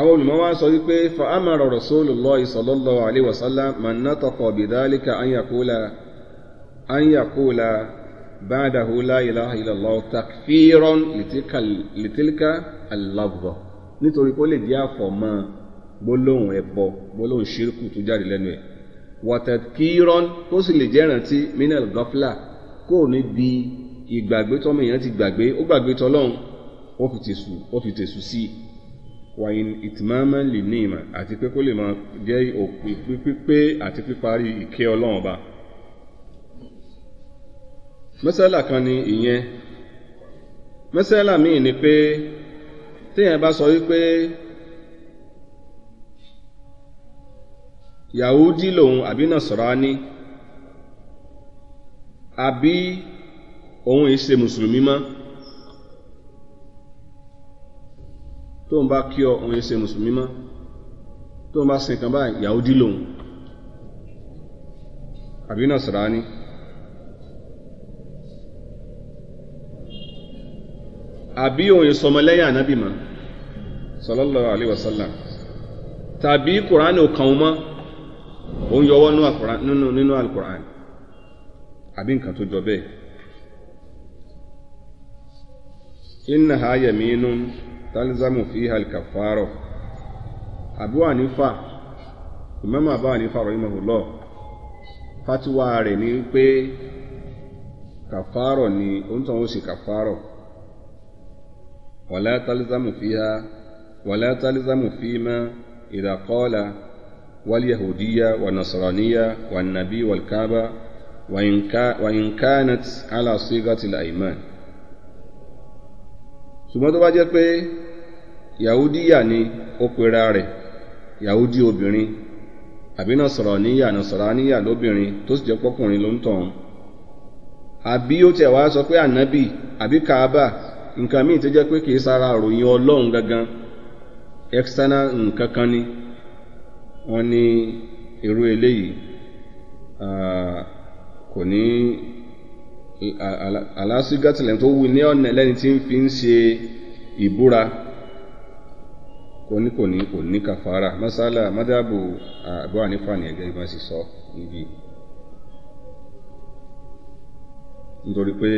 àwọn olùmọ̀ wá sọ wípé fa amara rasulullahi sallallahu alaihi wasallam man nataqa bidhalika an yaqula an yaqula ba'dahu la ilaha illallah takfiran litilka al-lafza nítorí kó lè jẹ́ àfọ̀mọ́ gbólóhùn ẹbọ gbólóhùn ṣírkù tó jáde lẹ́nu ẹ̀ wàtàkìrọ́n kó sì lè jẹ́ ìrántí minel gọ́fúlà kó o níbi ìgbàgbé tọ́mọ èèyàn ti gbàgbé ó gbàgbé tọ́lọ́hún ó fi tèṣù sí i wàyìn ìtìmáàmà lè ní ìmọ̀ àti pé kó lè máa jẹ́ òpin pípé àti píparí ìkẹ́ ọlọ́run ọba. mẹ́sàlá kan ni ìyẹn mẹ́sàlá míì ni pé téèyàn bá sọ wípé yahudi lòun àbí nasarani àbí òun ìṣe mùsùlùmí mọ́. tó ń bá kí ọ òun ṣe mùsùlùmí mọ́ tó ń bá sin kan báyìí Yahudi lòun àbí Nasrani. àbí òun sọmọlẹ́yìn ànábì mọ́ sallallahu alaihi wasallam tàbí kùránì ò kàn mọ́ òun yọwọ́ nínú alkùránì àbí nǹkan tó jọ bẹ́ẹ̀ innaha yaminun tálízámù fi hal kàfàárọ̀ àbú ànífà ìmọ̀mọ̀ àbá ànífà rọ̀ ìmọ̀hùlọ́ fatiwa rẹ̀ ni pé kàfàárọ̀ ni oúntàn ó sì kàfàárọ̀ wàlá tálízámù fi ha wàlá tálízámù fi ma ìdàkọ́ọ̀la wàlíyahùdíyà wà nàṣọ̀ràníyà wà nàbí wàlkábà وإن كانت على صيغة الأيمان ṣùgbọ́n tó bá jẹ́ pé yahudiya ni ó pera rẹ yahudi obìnrin àbí nasọ̀rọ̀níyà nasọ̀rọ̀níyà lóbìnrin tó sì jẹ́ pọ́kùnrin ló ń tàn án àbí ó tiẹ̀ wá sọ pé ànábì àbí kaaba nǹkan míì tó jẹ́ pé kì í sara ròyìn ọlọ́run gangan external nǹkan kan ni wọ́n ní irú eléyìí kò ní alásùgàtìlẹ̀ tó wù ní ọ̀nà lẹ́ni tí ń fi ń ṣe ìbúra. ní kò ní kò ní kàfàrà masala madabu àbọ ànífà ní ẹgẹ ìbá sì sọ níbi nítorí pé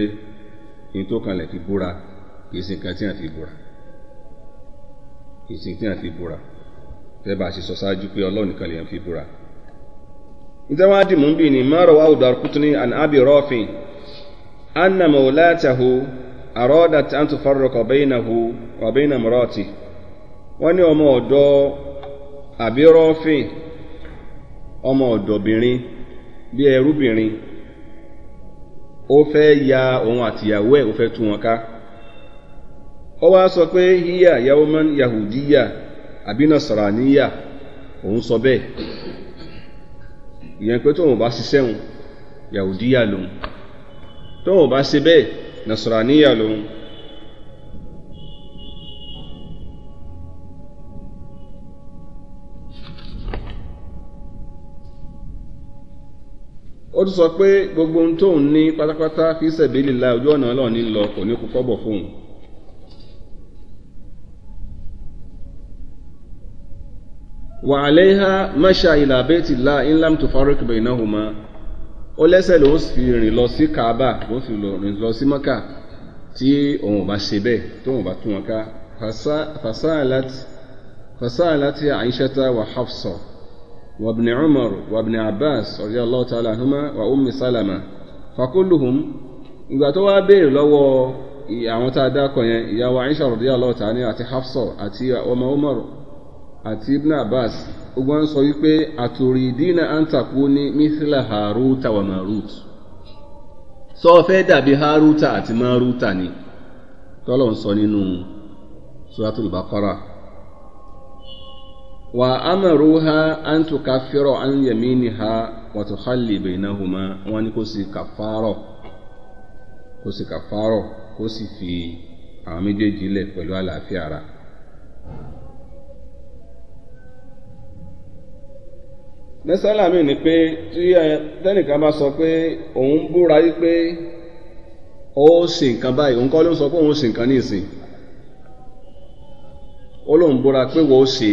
ní tó kanlẹ̀ fi búra kì í sì nǹkan tí a fi búra kì í sì tí a fi búra tẹ́ bá a ṣe sọ ṣáájú pé ọlọ́run nìkan lè fi búra. ìtẹ́wádìí mú bí ni márùn wá òdò àrùkútúní àn ábì rọ́ọ̀fin anna mọ̀ọ́lá àrọ́ọ̀dà tí a ń tún fọ́rọ̀ kọ̀bẹ́yìn náà hù kọ̀bẹ́yìn náà mọ̀rọ́ọ̀tì. wani ní ọmọ ọdọ àbí ọmọ ọ̀dọ̀bìnrin bí ẹrúbìnrin ó ya òun àtìyàwó ẹ̀ ó fẹ́ tú wọn ká ó wá sọ pé híyà yahudiya àbí nasaraniya òun sọ bẹ́ẹ̀ ìyẹn pé tóun bá ṣiṣẹ́ òun yahudiya lòun tóun bá ṣe bẹ́ẹ̀ nasaraniya lòun. ó tún sọ pé gbogbo ohun tóun ní pátápátá fi sẹ̀bílì la ojú ọ̀nà ọlọ́ọ̀ni lọ kò ní kú kọ́bọ̀ fóun. wà á léha máṣá ìlà àbẹ́tì la inlam tó farik bẹ̀yìn náà hùmá ó lẹ́sẹ̀ ló fi rìn lọ sí kaaba ló fi rìn lọ sí maka tí òun ò bá ṣe bẹ́ẹ̀ tóun ò bá tún wọn ká fasáàlá ti àyíṣẹ́ta wà hafsọ̀. وابن عمر وابن عباس رضي الله تعالى عنهما وأم سلمة فكلهم ìgbà tó wá béèrè lọ́wọ́ àwọn tá a dákọ̀ yẹn ìyàwó Aisha radiyallahu ta'ala àti Hafsa àti ọmọ Umar àti Ibn Abbas ogun ń sọ wípé àtòrídìínà àǹtàkù ní mithla Haruta wa Marut sọ fẹ́ dàbí Haruta àti Maruta ni tọ́lọ̀ ń sọ nínú Suratul Baqara. وأمروها أن تكفر عن يمينها وتخلي بينهما وأن ha كفارة كسي كفارة كسي في عمجي جيلة فلو على فيارة mẹ́sàlá fi ni pé tí tẹ́nìkan ara. sọ pé òun búra yí pé ó pe nǹkan báyìí òun kọ́ ló ń sọ pé òun ṣe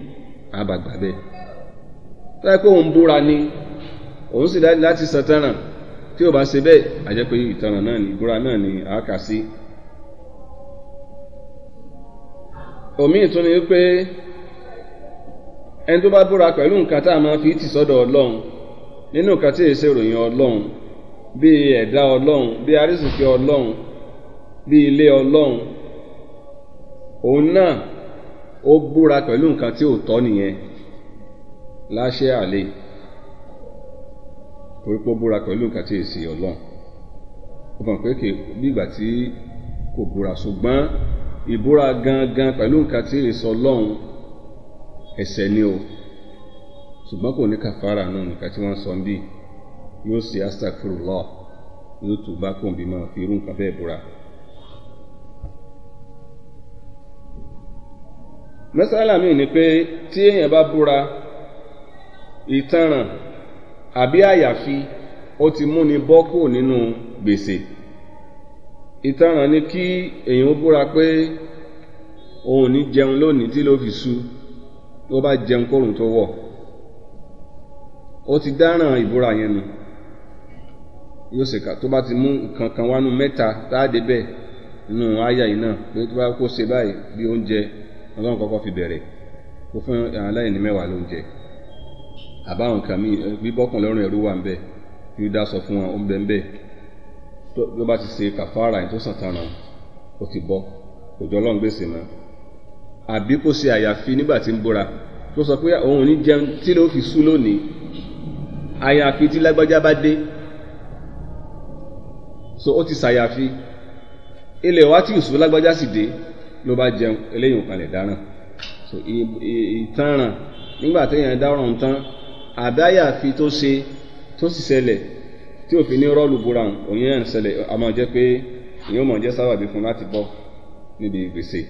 àbàgbà bẹ́ẹ̀ tọ́yẹ pé òun búra ni òun sì dájú láti san tẹ́ràn tí ò bá ṣe bẹ́ẹ̀ àjẹ́ pé ìtanràn náà ni ìbúra náà ni a kà sí. òmíì tún ni pé ẹni tó bá búra pẹ̀lú nǹkan tá a máa fi tì sọ́dọ̀ ọlọ́run nínú nǹkan tí èsè ròyìn ọlọ́run bíi ẹ̀dá ọlọ́run bíi arísìkí ọlọ́run bíi ilé ọlọ́run òun náà ó búra pẹ̀lú nǹkan tí ò tọ́ nìyẹn láṣẹ àlè torí pé ó búra pẹ̀lú nǹkan tí èsì ọlọ́run ó fọ̀n pé kì í gbà tí kò búra ṣùgbọ́n ìbúra gangan pẹ̀lú nǹkan tí èsì ọlọ́run ẹ̀ṣẹ̀ ni o ṣùgbọ́n kò ní kàfàrà náà nǹkan tí wọ́n sọ ń bì yóò ṣe astagfirullah yóò tún bá kóńbì máa fi irú nǹkan bẹ́ẹ̀ búra. mẹ́sàlá mi ni pé tí èèyàn bá búra ìtanràn àbí àyàfi ó ti múni bọ́ kúrò nínú gbèsè ìtanràn ni kí èèyàn ó búra pé òun ò ní jẹun lónìí tí ló fi sú tó bá jẹun kórùn tó wọ̀ ó ti dáràn ìbúra yẹn nù yóò sì kà tó bá ti mú nǹkan kan wánú mẹ́ta tá a débẹ̀ nínú àyà yìí náà pé tó bá kó ṣe báyìí bí oúnjẹ ọlọ́run kọ́kọ́ fi bẹ̀rẹ̀ kó fún aláìní mẹ́wàá ló ń jẹ àbáwọn nǹkan míì bíbọ́kàn lọ́rùn ẹ̀rú wà ń bẹ kí ó dá sọ fún wọn ó ń bẹ ń bẹ tó bá ti ṣe kàfàrà yìí tó sàn tanràn ó ti bọ́ kò jọ ọlọ́run gbèsè mọ́ àbí kó ṣe àyàfi nígbà tí ń búra tó sọ pé òun ò ní jẹun tí ló fi sú lónìí àyàfi tí lágbájá bá dé so ó ti ṣàyàfi ilẹ̀ wa tí ìṣú lágbájá sì dé ló bá jẹun eléyìí ò kalẹ̀ dáràn so ìtanràn nígbà téèyàn dáràn tán àdáyàfi tó ṣe tó sì ṣẹlẹ̀ tí òfin ní rọ́ọ̀lù búra òun yẹn ń ṣẹlẹ̀ àmọ́ jẹ́ pé ìyẹn mọ̀ jẹ́ sábàbí fún láti bọ́ níbi gbèsè.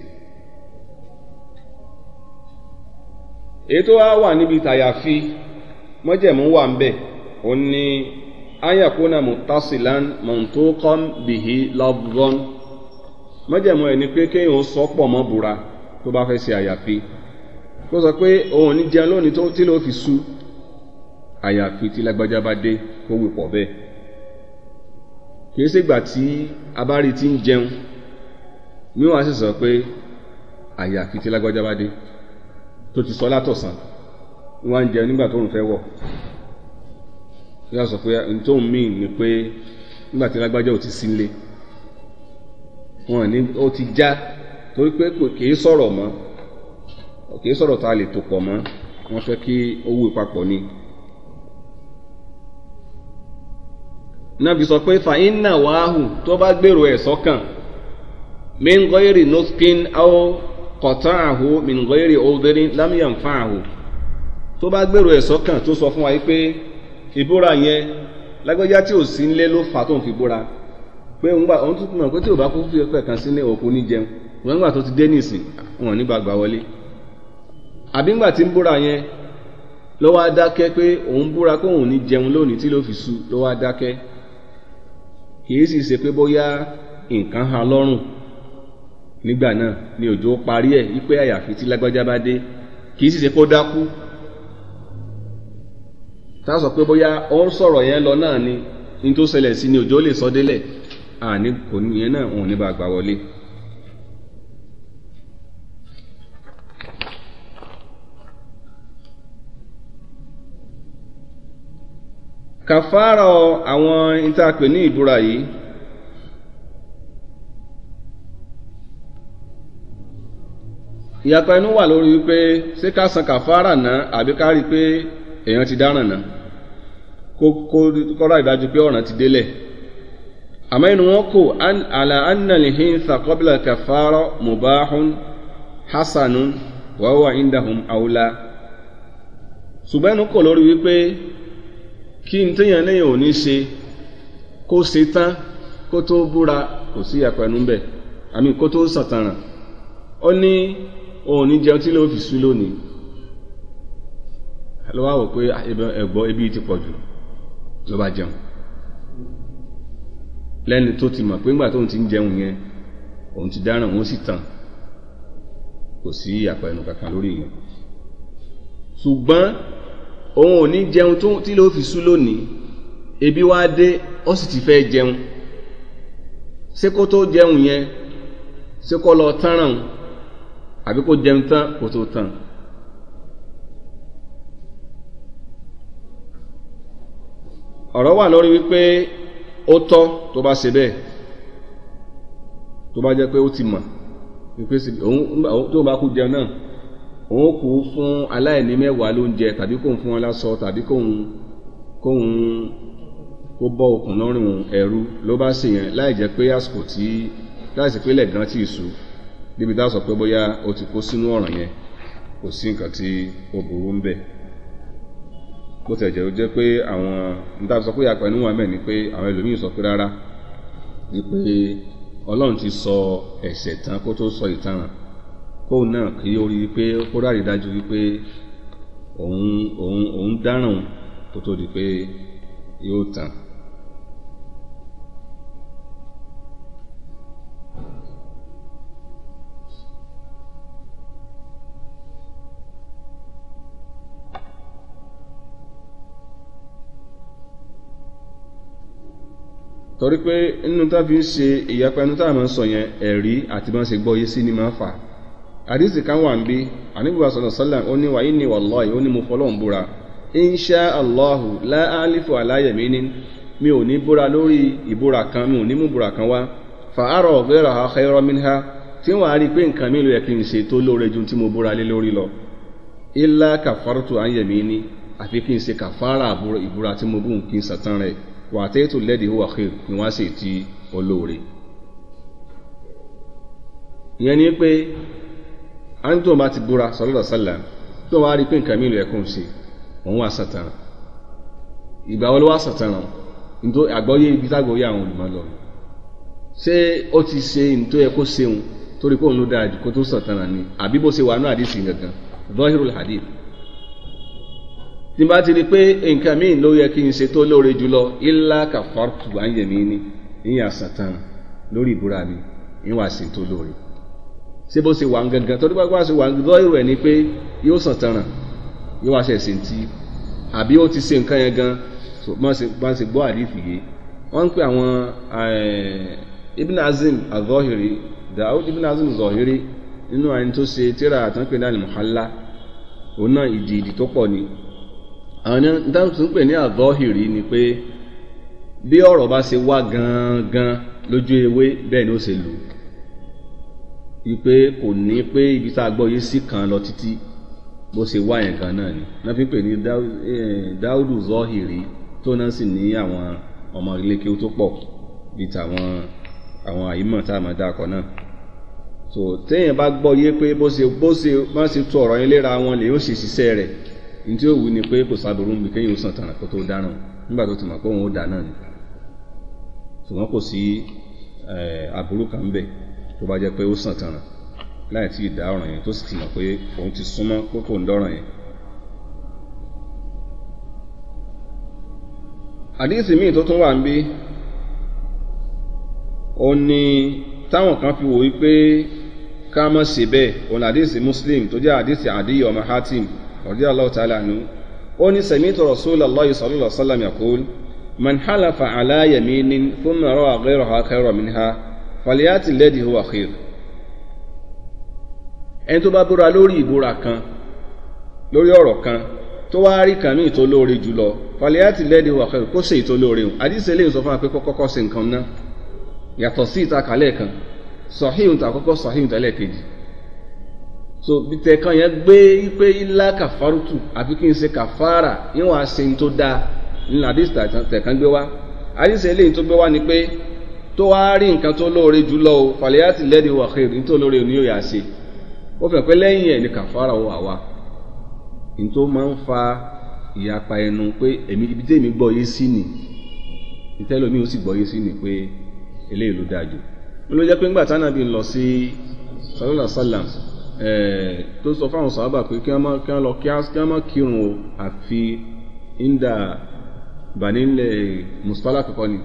èyí tó wá wà níbi tàyàfi mọ́jẹ̀mú wà ń bẹ̀ òun ni ayakuna mutasilan mantuqan bihi lafzan mọ́jẹ̀mọ́ ẹ̀ ni pé kéèyàn sọ pọ̀ mọ́ búra tó bá fẹ́ ṣe àyàfi kó sọ pé òun ní jẹun lónìí tó tí ló fi sú àyàfi tí lágbájá bá dé kó wí pọ̀ bẹ́ẹ̀ kìí ṣègbà tí abárí ti ń jẹun ní wàá sì sọ pé àyàfi tí lágbájá bá dé tó ti sọ látọ̀sán ní wàá ń jẹun nígbà tóun fẹ́ wọ̀ yóò sọ pé ntòun míì ni pé nígbà tí lágbájá ò ti sí nílé wọn ní ó ti já torí pé kì í sọ̀rọ̀ mọ́ kì í sọ̀rọ̀ tá a lè tò pọ̀ mọ́ wọ́n fẹ́ kí owó ìpapọ̀ ni. nàbì sọ pé fàínà wàhù tó bá gbèrò ẹ̀ sọ́kàn mingọ́yèrè nọ́spin áwọ̀ kọ̀tán àhó mingọ́yèrè obìnrin lámìyàn àhó tó bá gbèrò ẹ̀ sọ́kàn tó sọ fún wa yìí pé ìbúra yẹn lágbájá tí ò sí nílé ló fà tó ń fi búra pé ńgbà òun tún mọ̀ pé tí ò bá kú fi ọpẹ́ kan sí ní òkú ní jẹun wọn gbà tó ti dé nìsín wọn nígbà gbà wọlé àbí ńgbà tí ń búra yẹn ló wá pé òun búra kó òun ní jẹun lónìí tí ló fi sú ló wá kìí sì ṣe pé bóyá nǹkan ha lọ́rùn nígbà náà ni òjò parí ẹ̀ wípé àyàfi tí lágbájá bá dé kìí sì ṣe kó dákú tá a sọ pé bóyá ó ń sọ̀rọ̀ yẹn lọ náà ni ní tó ṣẹlẹ̀ sí ni òjò lè sọ délẹ̀ àní kò ní yẹn náà òun ní bá gbà wọlé. kàfàrà àwọn ìtàpè ní ìbúra yìí ìyàtọ̀ inú wà lórí wípé ṣé ká san kàfàrà náà àbí ká rí i pé èèyàn ti dáràn náà kó kó kọ́ra ìdájú pé ọ̀ràn ti délẹ̀ àmọ́ inú wọn kò ala anna al-hintha qabla al-kaffara mubahun hasanun wa huwa indahum awla ṣùgbọ́n inú kò lórí wípé kí n téèyàn lẹ́yìn ò ní ṣe kó ṣe tán kó tó búra kò sí àpẹnu bẹ̀ àmì kó tó sàtàràn ó ní òun fi sú lónìí ló wá wò pé ah, ẹ̀gbọ́n ebi ti pọ̀ jù ló bá lẹ́ni tó ti mọ̀ pé ńgbà tóun ti ń jẹun yẹn òun ti dáràn òun sì tàn kò sí àpẹẹnu kankan lórí yẹn ṣùgbọ́n òun ò ní jẹun tí ló fi sú lónìí ebi wá dé ó sì ti fẹ́ jẹun ṣé kó tó jẹun yẹn ṣé kó lọ tánràn àbí kó jẹun tán kó tó tàn. ọ̀rọ̀ wà lórí wípé ó tọ́ tó bá ṣe bẹ́ẹ̀ tó bá jẹ́ pé ó ti mọ̀ pípé sí òun tó bá kú jẹun náà òun kò fún aláìní mẹ́wàá lóúnjẹ tàbí kóun fún wọn láṣọ tàbí kóun kóun kó bọ́ okùn lọ́rùn ẹ̀rú ló bá sì yẹn láì jẹ́ pé àsìkò tí láì sì pé lẹ́gàn tí ì sú níbi tá a sọ pé bóyá o ti kó sínú ọ̀ràn yẹn kò sí nǹkan tí ó burú ń bẹ̀ bó ti ẹ̀jẹ̀ ó jẹ́ pé àwọn níta sọ pé apẹ̀nu wà mẹ́ẹ̀ ni pé àwọn ẹlòmíín sọ pé rárá ni pé ọlọ́run ti sọ ẹ̀ṣẹ̀ tán kó tó sọ ìtanràn kóun náà kí ó rí pé ó rárí dájú wípé òun òun òun dáràn kó tó di pé yóò tàn. torí pé nínú tá fi ń ṣe ìyapa ẹnu eri ati ma sọ yẹn ẹ̀rí àti máa ṣe gbọ́ sí ni máa fà àdìsí kan wà ń bí àníbùbà sọ̀rọ̀ ó ní wàyí ni wàlọ́ọ̀ì ó ní mo fọlọ́run búra insha allahu la alifu alayemi ni mi ò ní búra lórí ìbúra kan mi ò ní mú búra kan wá fa ha tí wọ́n á rí i pé nǹkan mi ló yẹ kí n ṣe tó lóore ju tí lọ ni àfi kí n ṣe kàfárà ìbúra tí mo wà tẹ́tù lẹ́dí wà kí ni wọ́n sì ti olóore ìyẹn ni pé a ti búra sọlọ́dọ̀ sálà tó wá rí pé nǹkan mi lò sí òun wà sàtàn ìgbà wọlé wà sàtàn nítorí àgbọ́yé ibi tágbọ́yé àwọn olùmọ̀ lọ ṣé ti ṣe nítorí ẹ̀kọ́ ṣeun torí pé òun ló dáa jù kó tó ni àbí bó ṣe wà ní àdìsí gangan tí bá ti rí pé nǹkan míì ló yẹ kí n ṣe tó lóore jùlọ ilá kàfàtù àyẹ̀mí ni ìyẹn àsàtàn lórí ìbúra mi ìyẹn wàá ṣe tó lóore ṣé bó ṣe wà ń gangan torí pé wàá ṣe wà ń gbọ́ ìrò ẹ̀ ni pé yóò sàn tanràn yóò wàá ṣe ṣe ti àbí ó ti ṣe nǹkan yẹn gan má ṣe gbọ́ àdìfì yé wọ́n ń pè àwọn eh, Ibn Azim azọ́hìrì Daud Ibn Azim azọ́hìrì nínú àyìn tó ṣe tíra àtàǹpẹ̀ náà ni Muhalla òun náà ìdí ìdí tó pọ̀ ni àwọn dáhùn pè ní àbọ́hìrì ni pé bí ọ̀rọ̀ bá ṣe wá gangan lójú ewé bẹ́ẹ̀ ni ó ṣe lò wípé kò ní pé ibi tá a gbọ́ yé sí kan lọ títí bó ṣe wá yẹn gan náà ni wọ́n fi pè ní dáúdù zọ́hìrì tó náà sì ní àwọn ọmọ iléeké tó pọ̀ bíi tàwọn àwọn àyímọ̀ tá a máa dákọ̀ náà so téèyàn bá gbọ́ yé pé bó ṣe bó ṣe má ṣe tu ọ̀rọ̀ yẹn léra wọn lè yóò ṣe ṣiṣẹ́ rẹ̀ ní o ó wù ní pé kò sábòrò níbi kéyìn ó sàn tànà kó tó dáràn nígbà tó ti mọ̀ pé òun ni ṣùgbọ́n kò sí àbúrò kan bẹ̀ tó bá jẹ́ pé ó sàn tànà láì tí ì dá ọ̀ràn yẹn tó sì ti mọ̀ pé òun ti súnmọ́ pé kò ń dọ́ràn yẹn. àdíìsì míì tó tún wà ń bí táwọn kan fi wò wípé ká bẹ́ẹ̀ òun Muslim tó jẹ́ radiyallahu ta'ala anhu ó ní sami'tu rasulallahi الله alaihi wasallam yaqul man halafa ala yaminin thumma ra'a ghayraha khayran minha falyati alladhi huwa khair ẹni tó bá búra lórí ìbúra kan lórí ọ̀rọ̀ kan tó wá rí kan míì tó lóore jùlọ falyati alladhi huwa khair kó ṣe ìtó lóore hùn àdìsẹ́ lè sọ fún wa pé kọ́kọ́ ṣe nǹkan náà yàtọ̀ sí ìta kan sọ̀híhùn tàkọ́kọ́ sọ̀híhùn tẹ́lẹ̀ kejì so bìtẹ̀ kan yẹn gbé pé ilá kàfárùtù àfi kí n ṣe kàfárà níwọ̀n àṣẹ tó dáa nínú àdìsí tẹ̀kan gbé wá àdìsí eléyìí tó gbé wá ni pé tó wá rí nǹkan tó lóore jùlọ o fàlẹ́yàtì lẹ́ẹ̀dì wà xèrè nítorí olóore ò ní yóò ṣe ó fẹ́ pé lẹ́yìn ẹ̀ ní kàfárà wà wá ní tó máa ń fa ìyapa ẹnu pé èmi ibi tí èmi gbọ́ yé sí ni ìtẹ́lómi ó sì gbọ́ yé sí ni pé eléyìí ló dáa jù ó ló jẹ́ pé ńgbà tánàbí ń lọ sí sallallahu alaihi Eh, tó sọ fáwọn sábà pé kí wọ́n lọ kí wọ́n má kírun o àfi ìndà bànílẹ̀ mùsùlùmí àkọ́kọ́ ni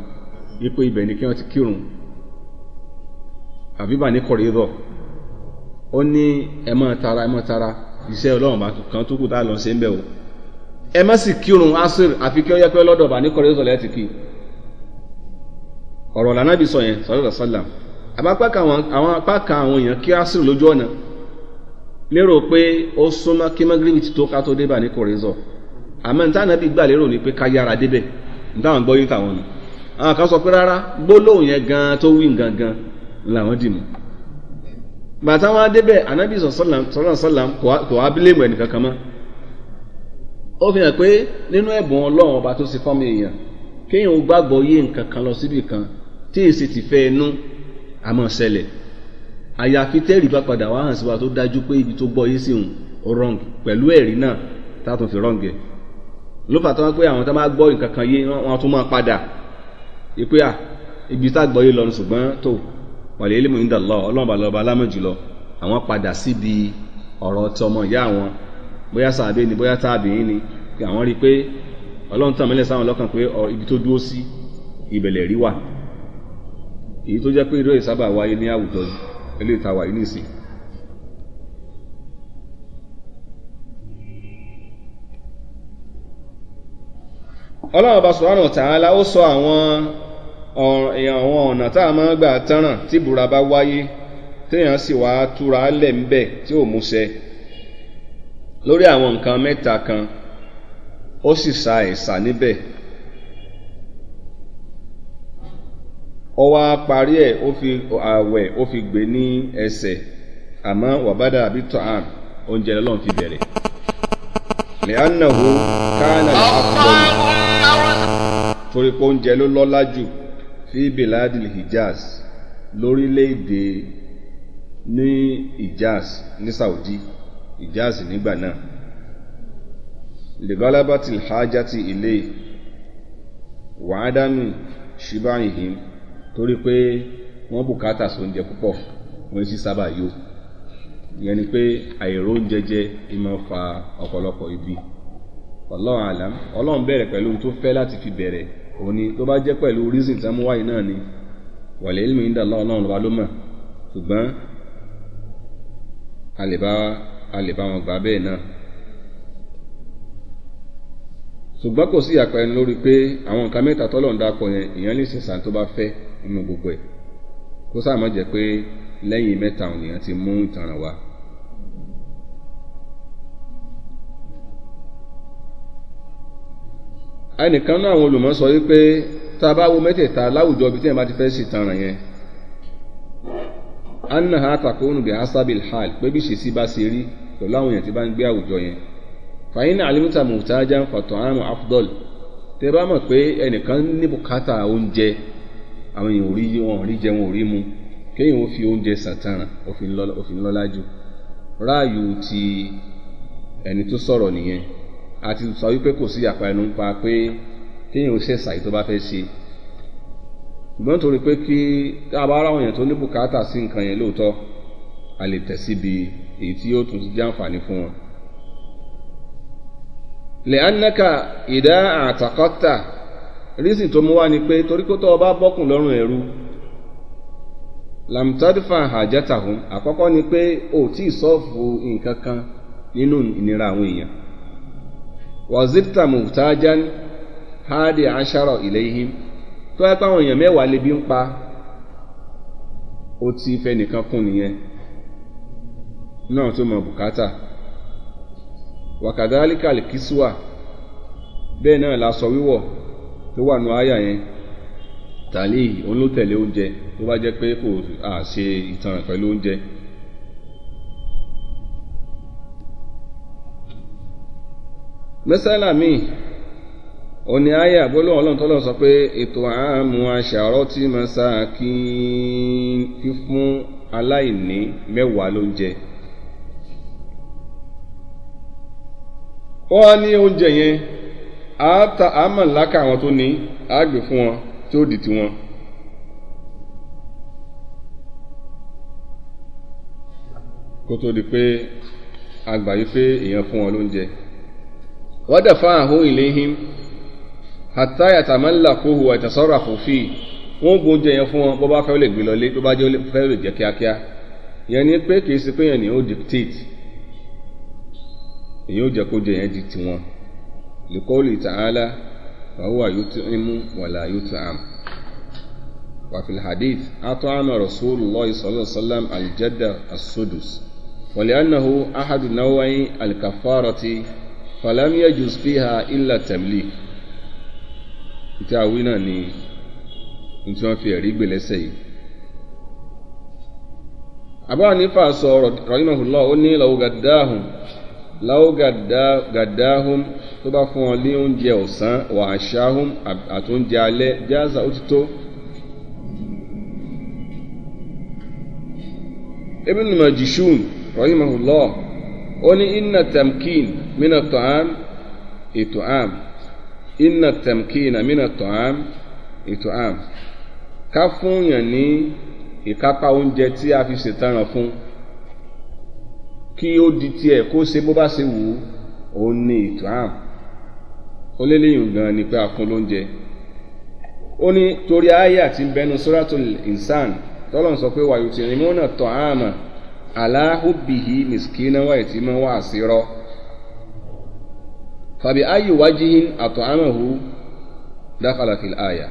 ipò ibẹ̀ ni kí wọ́n ti kírun àbí bàní kọ̀rẹ́dọ̀ ó ní ẹ máa tara ẹ máa tara iṣẹ́ ọlọ́run bá kan tó kù tá a lọ ṣe ń bẹ̀ o ẹ má sì kírun asir àfi kí ó yẹ pé lọ́dọ̀ bàní kọ̀rẹ́dọ̀ lẹ́ẹ̀tì kì í ọ̀rọ̀ lànà bí sọ yẹn sọ́dọ̀ sọ́là àbápá kan àwọn èèyàn kí asir lójú ọ̀nà lérò pé ó súnmọ́ kí mọ́gírìbì ti tó ká tó débà ní kòrìzọ̀ àmọ́ níta nàbí gbà lérò ni pé ká yára débẹ̀ nítawọn gbọ́ yín tàwọn nù àwọn kan sọ pé rárá gbólóhùn yẹn gan tó wí gangan làwọn dì mú bàtà wọn débẹ̀ sọ̀sọ̀làm kò wá bílẹ̀mù mọ́ ó fi hàn pé nínú ẹ̀bùn ọlọ́run ọba tó mi èèyàn kéèyàn gbàgbọ́ yé kan lọ ti fẹ́ inú àmọ́ ṣẹlẹ̀ àyàfi tẹ́rì bá padà wá hàn sí wa tó dájú pé ibi tó gbọ́ yé sí òun ó rọ́ǹgì pẹ̀lú ẹ̀rí náà tátùn fi rọ́ǹgì ẹ̀ ló fà tó wá pé àwọn tó máa gbọ́ nǹkan kan yé wọn tún máa padà ìpè à ibi tá gbọ́ yé lọ ṣùgbọ́n tó wàlẹ̀ ilé mu ìdá lọ ọlọ́run balọ̀ba lámọ̀ àwọn padà síbi ọ̀rọ̀ tí ọmọ ìyá àwọn bóyá sàbẹ̀ ni bóyá táàbìyín ni pé àwọn rí i pé ọlọ́run tàn mẹ́lẹ̀ sáwọn lọ́kàn pé ibi tó dúró sí ìbẹ̀lẹ̀ rí wà ilé ìtawà yìí nìsín. ọlọ́run ọba sọ̀rọ̀ ọ̀tà ńlá ó sọ àwọn àwọn ọ̀nà tá a máa gbà tánràn tí ìbúra bá wáyé téèyàn sì wá túra lẹ̀ ń bẹ̀ tí ò múṣẹ lórí àwọn nǹkan mẹ́ta kan ó sì sa ẹ̀sà níbẹ̀. ó wá parí ẹ̀ ó fi àwẹ̀ ó fi gbé ní ẹsẹ̀ àmọ́ wàbádà àbí tọ́hán oúnjẹ lọ́n fi bẹ̀rẹ̀. lẹ́yìnàwó káàlà àkọọ́lù torí pé oúnjẹ ló lọ́lá jù fi biladil hijaz lórílẹ̀‐èdè ní hijaz ní saudi hijaz nígbà náà ligalabatil hajati ilé wàádàmì shibahihim torí pé wọ́n bùkátà sóúnjẹ púpọ̀ wọ́n sì sábà yó ìyẹn ni pé àìró oúnjẹ jẹ ìmọ̀ fa ọ̀pọ̀lọpọ̀ ibi ọlọ́run àlám ọlọ́run bẹ̀rẹ̀ pẹ̀lú tó fẹ́ láti fi bẹ̀rẹ̀ òní tó bá jẹ́ pẹ̀lú reason tá mú wáyé náà ni wàlẹ́ ìlú ìdá ọlọ́run lọ́wọ́ ló mọ̀ ṣùgbọ́n a lè bá wọn gbà bẹ́ẹ̀ náà ṣùgbọ́n kò sí àpẹẹrẹ lórí pé àwọn nǹkan mẹ́ta tọ́lọ̀ ń dákọ̀ yẹn ìyẹn lè ṣẹ̀ṣà tó bá fẹ́ mú gbogbo ẹ̀ kó sáà má pé lẹ́yìn ti mú ìtanràn wá. ẹnìkan náà àwọn olùmọ̀ sọ wípé tá a bá wo mẹ́tẹ̀ẹ̀ta láwùjọ ibi tí ẹ̀ bá ti fẹ́ sí ìtanràn yẹn annaha takunu bi asabil hal pé bí ṣèṣì bá ṣe rí pẹ̀lú àwọn èèyàn tí bá ń gbé àwùjọ yẹn fàyínà alimuta muhtajan fatọ̀ àrùn afdol tẹ bá mọ̀ àwọn èèyàn ò rí wọn ò rí jẹ wọn ò rí mu kéèyàn ó fi oúnjẹ sàtàràn òfin lọ́lá jù ráàyò ti ẹni tó sọ̀rọ̀ nìyẹn a ti sọ wípé kò sí àpá ẹnu pa pé kéèyàn ó ṣẹ̀ṣà yìí tó bá fẹ́ ṣe ṣùgbọ́n torí pé kí tá a bá tó ní bùkátà sí nǹkan yẹn lóòótọ́ a lè tẹ̀ síbi èyí tí yóò tún jẹ́ àǹfààní fún wọn. lẹ́ánnákà ìdá àtàkọ́tà rísì tó mú wá ni pé torí kó tó ọba bọ́kùn lọ́rùn ẹ̀rú lamtadfa hajatahum àkọ́kọ́ ni pé ò tí ì sọ́ọ̀fù nǹkan kan nínú ìnira àwọn èèyàn wazirta muhtajan hadi ashara ilayhim tó yẹ pé àwọn èèyàn mẹ́wàá lè bí ń pa ó ti fẹ́ nìkan kún nìyẹn náà tó mọ bùkátà wàkàdálíkà lè kísùwà bẹ́ẹ̀ náà la sọ wíwọ̀ tó wà nù àyà yẹn tàlí òun ló tẹ̀lé oúnjẹ tó bá jẹ́ pé kò à ṣe ìtanràn pẹ̀lú oúnjẹ. mẹ́sàlá mi òní àyà gbólóhùn ọlọ́run tọ́lọ́ sọ pé ètò àmú aṣàárọ̀ tí masakin fífún aláìní mẹ́wàá lóúnjẹ. wọ́n á ní oúnjẹ yẹn àmọ̀ ńláka àwọn tó ní àgbè fún wọn tí ó dì tiwọn. kó tó di pé àgbà yìí pé èèyàn fún wọn lóúnjẹ. wọ́n dẹ̀ fáwọn àhó ìléhìn àtà àtàmọ́là kóhu àtàsọ́rọ̀ àfòfì wọ́n gbóúnjẹ yẹn fún wọn bó bá fẹ́ lè gbé lọlé tó bá jẹ́ fẹ́ lè jẹ́ kíákíá yẹn ni pé kì í pé yẹn ni ó dictate èyí ó jẹ́ kó jẹ yẹn di tiwọn. لقوله تعالى فهو يطعم ولا يطعم وفي الحديث أطعم رسول الله صلى الله عليه وسلم الجدة السدس ولأنه أحد نوع الكفارة فلم يجوز فيها إلا التمليك تعوينا náà ni في tí لسي fi ẹ̀rí رحمه الله أني لو قداهم láwó gàdáhùn tó bá fún wọn ní oúnjẹ ọ̀sán wà àṣáhùn àtúnjẹ alẹ́ jáàzà ó ti tó. ibn majishun rahimahullah ó ní inna tamkin mina ta'am ètò am inna tamkin mina ta'am ètò am ká fún yàn ní ìkápá oúnjẹ tí a fi ṣètàràn fún kí ó di tiẹ̀ kó ṣe bó bá ṣe wù ú òun ni islam ó léléyìn gan ni pé a fún lóúnjẹ ó ní torí àyà tí ń bẹnu suratul insan tọ́lọ́n sọ pé wàyò tí rìn mọ́nà tọ̀ àmà aláhùbìhì mìskínà wà tí mọ́ wà sí rọ́ fàbí ayé wájíhìn àtọ̀ àmà hù dákàlà fìlà àyà.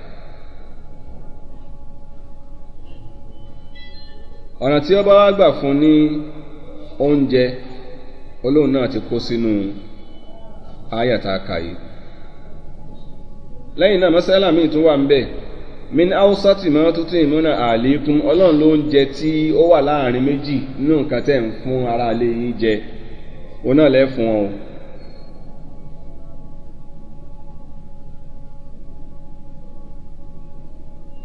ọ̀nà tí ó bá gbà fún ní oúnjẹ olóhùn náà ti kó sínú ayàtà kàyí lẹ́yìn náà mọ́sálà míì tún wà ń min hausati mọ́ tuntun ìmúna àlékún ọlọ́run ló ń jẹ tí ó wà láàrin méjì nínú nǹkan tẹ̀ ń fún ara yín jẹ òun náà ọ.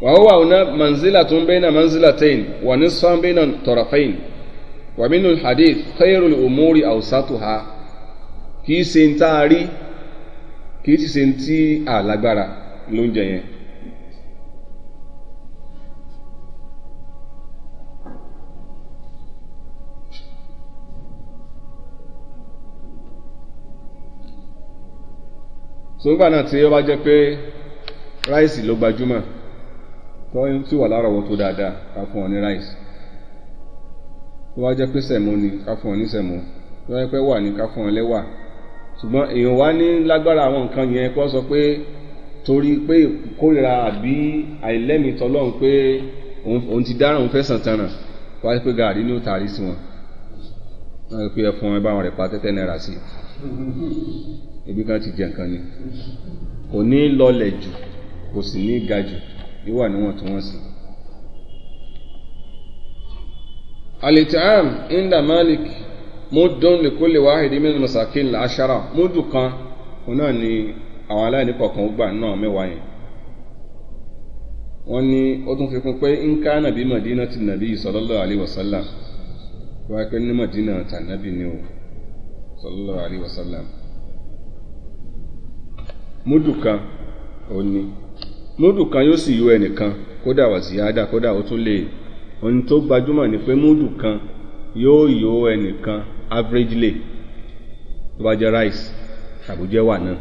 wàhùwà òun manzila tó bẹ́ẹ̀ náà manzila tẹ́yìn wà ní bẹ́ẹ̀ náà wàmínú hadith khairul umuri awsatuha kì í ṣe ń tá a rí kì í sì ṣe ń tí àlágbára lóúnjẹ yẹn. sọgbà náà tí ó bá jẹ́ pé ráìsì ló gbajúmọ̀ tó ń tí wà lárọ̀wọ́ tó dáadáa ká fún ọ ní ráìsì tó wá jẹ́ pé sẹ̀mó ni ká fún ọ ní sẹ̀mó tó wá jẹ́ pé wà ní ká fún ọ lẹ́wà ṣùgbọ́n èèyàn wá ní lágbára àwọn nǹkan yẹn kó sọ pé torí pé kórìíra àbí àìlẹ́mìí tọlọ́run pé òun ti dáràn òun fẹ́ sàntànà wá jẹ́ pé gàrí ní ó tàrí sí wọn wọ́n rí pé ẹfun ẹbá wọn rẹ̀ pa tẹ́tẹ́ náírà sí ibi kan ti jẹ nǹkan ni kò ní lọlẹ̀ jù kò sì ní ga jù yóò níwọ̀ntúnwọ̀nsì الإطعام عند مالك مد لكل واحد من المساكين العشرة مد kan òun náà ni àwọn aláìní kọ̀ọ̀kan gbà náà mẹ́wàá yẹn wọ́n ní ó tún fi kún pé ń ká nàbí mọ̀dínà ti nàbí sallallahu alaihi wasallam wáyé pé ní mọ̀dínà tànàbí ni ó sallallahu alaihi wasallam múdù kan òun ni kan yóò sì yọ ẹnìkan kódà wà sí àádá kódà ó tún ohun tó gbajúmọ̀ ni pé múdù kan yóò yó ẹnìkan averagely tó bá rice tàbójẹ́ wà náà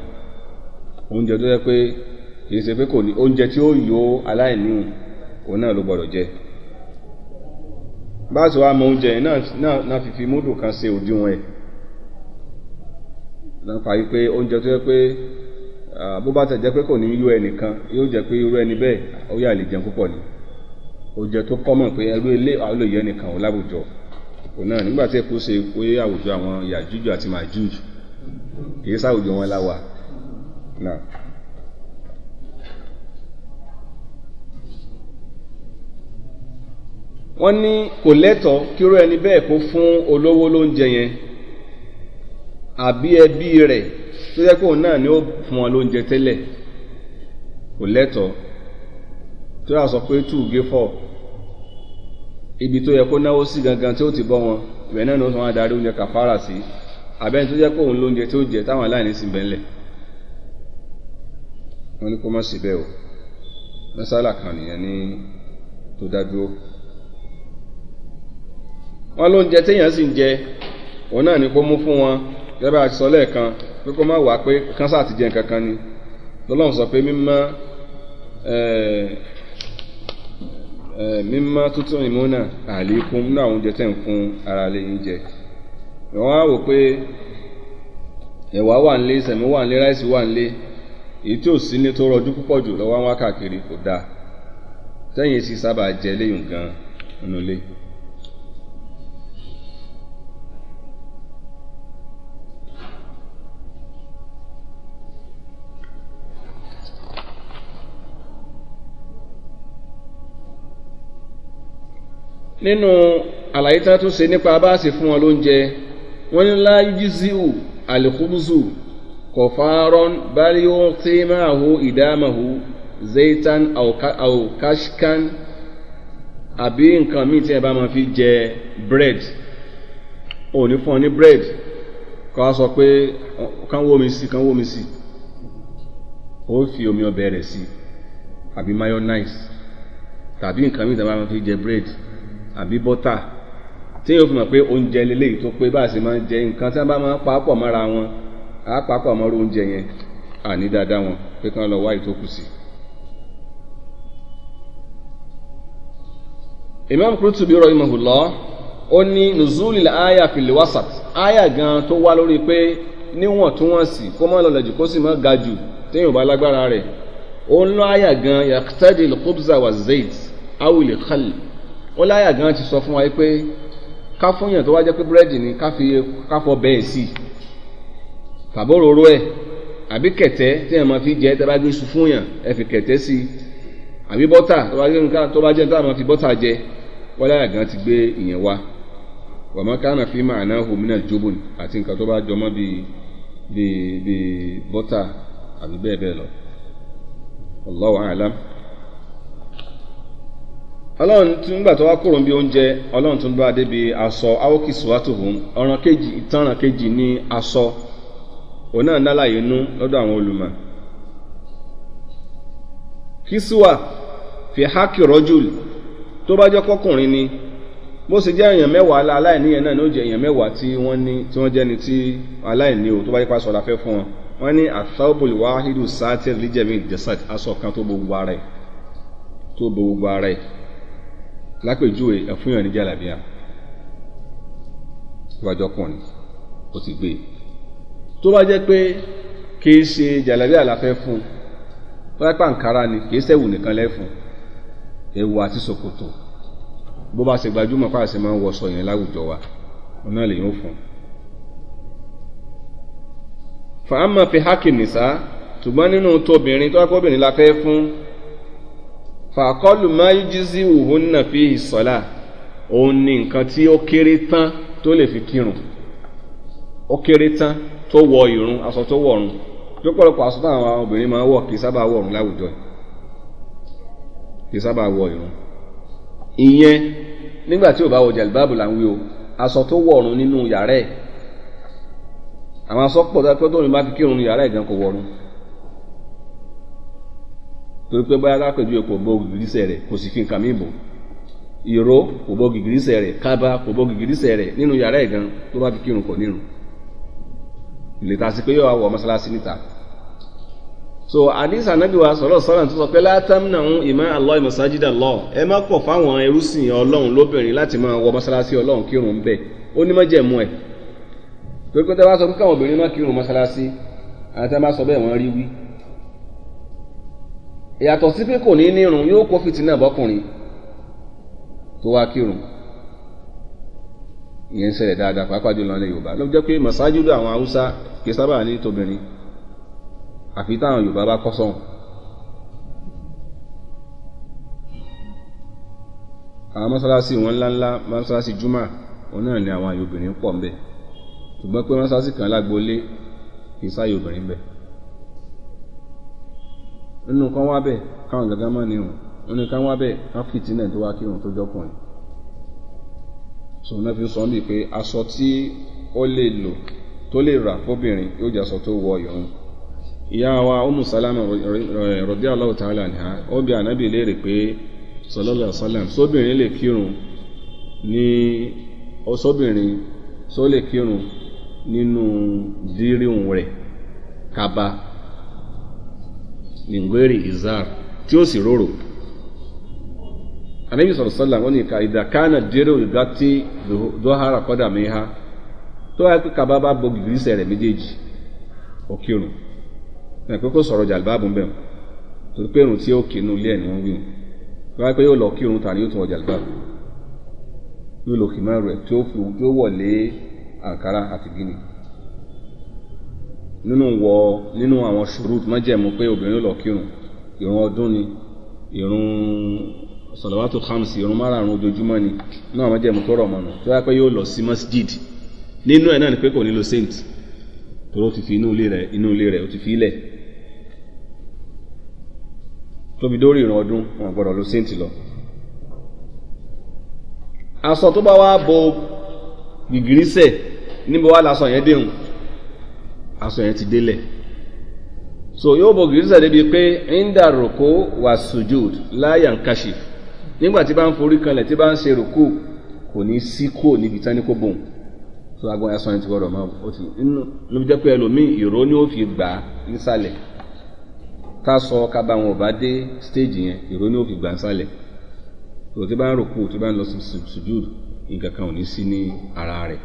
oúnjẹ tó jẹ́ pé kì ṣe pé kò ní oúnjẹ tí ó yó aláìníhùn òun náà ló gbọ́dọ̀ jẹ mọ oúnjẹ yẹn náà múdù kan ṣe òdiwọ̀n ẹ̀ nípa wípé oúnjẹ tó jẹ́ pé bó bá tẹ̀ jẹ́ pé kò ní yó ẹnìkan yóò jẹ́ pé irú ẹni bẹ́ẹ̀ ó yà lè jẹun púpọ̀ ni. òjò tó kọ́ mọ̀ pé ẹrú ilé olóyè ẹnìkan ò láwùjọ kò náà nígbà tí èkó ṣe pé àwùjọ àwọn yàjújù àti màjújù kì í sáwùjọ wọn láwà náà. wọ́n ní kò lẹ́tọ̀ọ́ kí irú ẹni bẹ́ẹ̀ kó fún olówó lóúnjẹ yẹn àbí ẹbí rẹ̀ tó jẹ́ pé òun náà ni ó fún wọn lóúnjẹ tẹ́lẹ̀ kò lẹ́tọ̀ọ́ tó yà sọ pé two gé four ibi tó yẹ kó náwó sí gangan tí ó ti bọ́ wọn ìbẹ̀ náà ni wọ́n máa darí oúnjẹ kàfàrà sí abẹ́ni tó jẹ́ pé òun lóúnjẹ tí ó jẹ táwọn aláìní sì bẹ́ńlẹ̀ wọ́n ní kó má ṣe bẹ́ẹ̀ o mẹ́sàlá kan nìyẹn ní tó dájú wọ́n lóúnjẹ téèyàn sì ń jẹ òun náà ni kó mú fún wọn gẹ́gẹ́ bá a sọ lẹ́ẹ̀kan pé kó má wà pé kánsá àtijẹ́ nǹkan kan ni lọ́lọ́run sọ pé mímọ́ mímá tuntun ìmúnà àlékún nínú àwọn oúnjẹ tẹ̀ ń fún ara lè yín jẹ wọ́n á wò pé ẹ̀wà wà ń lé sẹ̀mí wà ń lé ráìsì wà ń lé èyí tí ò sí ní tó rọjú púpọ̀ jù lọ́wọ́ wá káàkiri kò dáa tẹ́yìn sì sábà jẹ léyìn gan-an nínú ilé. nínú àlàyé tí wọ́n tún ṣe nípa bá a ṣe fún wọn lóúnjẹ wọ́n ní láyújísíù àlìkúbùsù kọ̀fàárọ́n báyìí ó tí máa hu ìdámàhu zaitan aukashkan àbí nǹkan míì tí ẹ bá máa fi jẹ bread ò ní fún ọ ní bread kọ́ á sọ pé kán wó mi sí kán wó mi sí ó fi omi ọbẹ̀ rẹ̀ sí àbí mayonnaise tàbí nǹkan míì tí ẹ bá máa fi jẹ bread àbí bọ́tà tí yóò fi mọ̀ pé oúnjẹ lélẹ́yìí tó pé bá a sì máa ń jẹ nǹkan tí wọ́n bá máa ń papọ̀ mọ́ra wọn á papọ̀ mọ́ra oúnjẹ yẹn àní dáadáa wọn pé kí wọ́n lọ wá ìtókù sí. Imam Qurtubi rahimahullah ó ní nùzúlì àyà fìlè wásàt àyà gan tó wá lórí pé níwọ̀ntúnwọ̀nsì kó má lọ lẹ̀jù kó sì má ga jù téèyàn bá lágbára rẹ̀ ó ń lọ àyà gan yàtẹ́dì lùkúbzà wà zayt awìlì khalil ó láyà gan ti sọ fún wa pé ká fúnyàn tó wá jẹ́ pé búrẹ́dì ni ká fi káfọ bẹ́ẹ̀ sí tàbí òróró ẹ̀ àbí kẹ̀tẹ́ tí ẹ̀ máa fi jẹ́ tẹ́ bá gbé iṣu fúnyàn ẹ̀ fi kẹ̀tẹ́ sí àbí bọ́tà tó bá jẹ́ tó máa fi bọ́tà jẹ ó láyà gan ti gbé ìyẹn wá wàmọ́ kánà fi máa náà homina jobon àti nǹkan tó bá jọmọ́ bíi bíi bíi bọ́tà àbí bẹ́ẹ̀ ọlọ́run tún nígbà tó wá kúrò bí oúnjẹ ọlọ́run tún bá débi aṣọ aókìsùwátòhún ọ̀ràn kejì ìtanràn kejì ní aṣọ òun náà dálàyé inú lọ́dọ̀ àwọn olùmọ̀ kìsùwà fi hákì rọ́jùl tó bá jẹ́ kọkùnrin ni bó ṣe jẹ́ èèyàn mẹ́wàá aláìní yẹn náà ló jẹ́ èèyàn mẹ́wàá tí wọ́n ní tí wọ́n jẹ́ ni tí aláìní o tó bá yípa sọ̀rọ̀ afẹ́ fún wọn wọ́n ní àtàwọ̀bùl wáhídù sáátìrì líjẹ̀mí ìjẹsàt aṣọ kan tó bo gbogbo ara ẹ̀ tó bo gbogbo ara ẹ̀ lápèjúwe ẹ̀fúnyàn ní jàlábíà ìwájọ́ kùnrin ó ti gbé tó bá jẹ́ pé kì í ṣe jàlábíà la fẹ́ fún tó bá pàǹkárá ni kì í ṣẹ̀wù nìkan lẹ́fun ẹ̀wù àti ṣòkòtò bó bá ṣe gbajúmọ̀ fáṣẹ máa ń wọṣọ yẹn láwùjọ wa òun náà lèyìn ó fún fàámà fi hákì nìsá ṣùgbọ́n nínú tóbìnrin tó wá kóbìnrin la fẹ́ fún fàkọlù máa yí jísí òhun náà fi ìsọ̀lá òun ni nǹkan tí ó kéré tán tó lè fi kírun ó kéré tán tó wọ ìrun aṣọ tó wọ̀run lọ́pọ̀lọpọ̀ aṣọ táwọn obìnrin máa ń wọ̀ kì í sábà wọ̀run láwùjọ kì í sábà wọ ìrun ìyẹn nígbà tí ò bá wọ jàlbáàbù là ń wí o aṣọ tó wọ̀run nínú yàrá ẹ̀ àwọn aṣọ pọ̀ tó tóun bá fi kírun yàrá ẹ̀ gan kò wọ̀run torí pé báyà lápẹ̀jú ẹ̀ kò bọ́ gìgírísẹ̀ rẹ̀ kò sì fi nǹkan mí bò ìró kò bọ́ gìgírísẹ̀ rẹ̀ kábà kò bọ́ gìgírísẹ̀ rẹ̀ nínú yàrá ẹ̀ tó bá fi kírun kò nírun ìlẹ̀ta sí pé yóò wọ mọ́sálásí níta so àdìs ànábì wa sọ̀rọ̀ sọ̀rọ̀ tó sọ pé látàmínà ń ìmọ̀ àlọ́ ìmọ̀sájídà lọ ẹ má kọ̀ fáwọn ẹrúsìn ọlọ́run lóbìnrin láti máa wọ mọ́sálásí ọlọ́run kírun bẹ́ẹ̀ ó ní mọ́jẹ̀mú ẹ̀ torí pé tẹ́ bá sọ pé káwọn obìnrin má kírun mọ́sálásí àti tẹ́ bá sọ bẹ́ẹ̀ wọ́n rí wí ìyàtọ̀ sí pé kò ní nírun yóò kó fìtínà bọ́kùnrin tó wá kírun ìyẹn ń ṣẹlẹ̀ dáadáa pàápàá jùlọ ní yorùbá ló jẹ́ pé màsájúdù àwọn haúsá kì í sábà ní tobìnrin àfi táwọn yorùbá bá kọ́ sọ́hùn. àwọn mọ́sálásí wọn ńláńlá mọ́sálásí júmà wọn náà ní àwọn ayòbìnrin pọ̀ ńbẹ̀ ṣùgbọ́n pé mọ́sálásí kan lágboolé kì í sáyòbìnrin bẹ́ẹ̀. nínú kan wá bẹ́ẹ̀ káwọn gàgán má ní wọn wá bẹ́ẹ̀ ká fìtínà tó wá kírun tó jọkùnrin so náà fi sọ bíi pé aṣọ tí ó lè lò tó lè rà fóbìnrin yóò tó wọ ìyá wa Ummu Salama radiyallahu ta'ala ha ó bi ànábì léèrè pé sallallahu sóbìnrin lè kírun ní só lè kírun nínú kaba nìgbèrè izar tí ó sì rorò anabi sọ̀rọ̀ sọ́là wọ́n ní ìdàkánà dérò ìgbàtí dọ́hárà kọ́dà mẹ́ha tó wáyé pé kaba bá bo gìgírísẹ̀ rẹ̀ méjèèjì òkèrùn ẹ̀ pé kó sọ̀rọ̀ jàlbáàbù ń bẹ̀ wọ́n torí pé irun tí ó kinu ilé ẹ̀ ni wọ́n wí tó wáyé pé yóò lọ kí irun ta yóò tún wọ jàlbáàbù yóò lọ kì máa rẹ̀ tí ó wọlé àǹkárá àti gíní. nínú wọ nínú àwọn ṣurut májẹ̀mú pé obìnrin ó lọ kírun ìrun ọdún ni ìrun sọlọ́wátò hamsi ìrun márààrún ni náà àwọn májẹ̀mú tó rọ̀ tó yá pé yóò lọ sí masjid nínú ẹ̀ náà ni pé kò ní saint ti fi inú ilé rẹ inú ti fi ilẹ̀ tóbi dórí ìrun ọdún wọn lo saint lọ asọ tó bá wá bo níbo wá lasọ aṣọ yẹn ti délẹ̀ so yóò bọ̀ gírísà débi pé inda roko wà sujud láyà ń kàṣì nígbà tí bá ń forí kanlẹ̀ tí bá ń ṣe roko kò ní sí kó níbi tán ní kó bòun so agbọn aṣọ yẹn ti gbọdọ̀ máa ó ti inú ló fi jẹ́ pé ẹlòmíì ìró ni ó fi gbà á nísàlẹ̀ ká sọ ká bá wọn ò bá dé stéèjì yẹn ìró ni ó fi gbà á nísàlẹ̀ so tí bá ń roko tí bá ń lọ sujud nǹkan kan ò ní sí ní ara rẹ̀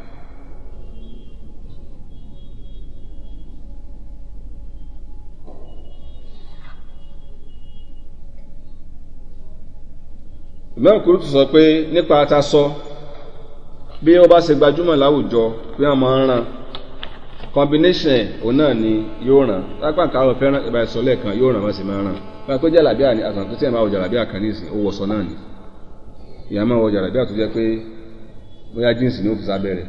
imam kurutu sọ pé nípa ata sọ bí wọ́n bá ṣe gbajúmọ̀ láwùjọ pé wọ́n máa ń ran combination ẹ̀ òun náà ni yóò ràn lápá káwọn fẹ́ràn ìbá ẹ̀sọ́ lẹ́ẹ̀kan yóò ràn wọ́n sì máa ràn báyìí kó jàlábíà ni àtàwọn tó tẹ̀ máa wọ jàlábíà kan ní ìsìn ó wọ̀sọ náà ni ìyá máa wọ jàlábíà tó jẹ́ pé bóyá jíǹsì ni ó fi sábẹ́rẹ̀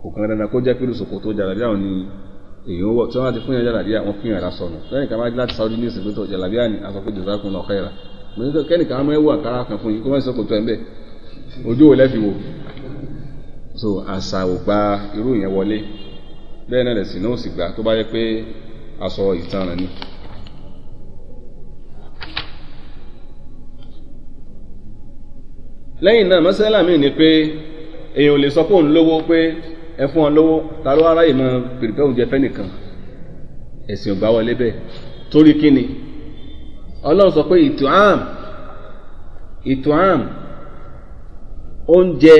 kò kan dandan kó jẹ́ pé lùsòkò tó jàlábíà òun ni èèyàn wọ̀ tí wọ́n bá ti fún yàn jàlábíà wọ́n fún yàn lásọ̀nù lẹ́yìn ká má láti sáwọ́dí ní ìsìn pé tó jàlábíà ni àsọ pé jòzákùn lọ́kọ́ ìrà mo ní kẹ́nìkan á mọ ẹ̀wù àkàrà kan fún yín kó má sọ kò tó ẹ̀ ń bẹ̀ ojú wo lẹ́bi wò so àṣà ò gba irú yẹn wọlé bẹ́ẹ̀ náà lẹ̀sìn náà ò sì gbà tó bá yẹ pé aṣọ ìtanràn ni. lẹ́yìn náà mọ́sálà mi ni pé èèyàn ò lè sọ pé òun lówó pé ẹ fún ọ lówó ta ló aráyè mọ pèrèpè oúnjẹ fẹ́ ẹ̀sìn ò wọlé bẹ́ẹ̀ torí kí ọlọ́run sọ pé ìtùám ìtùám oúnjẹ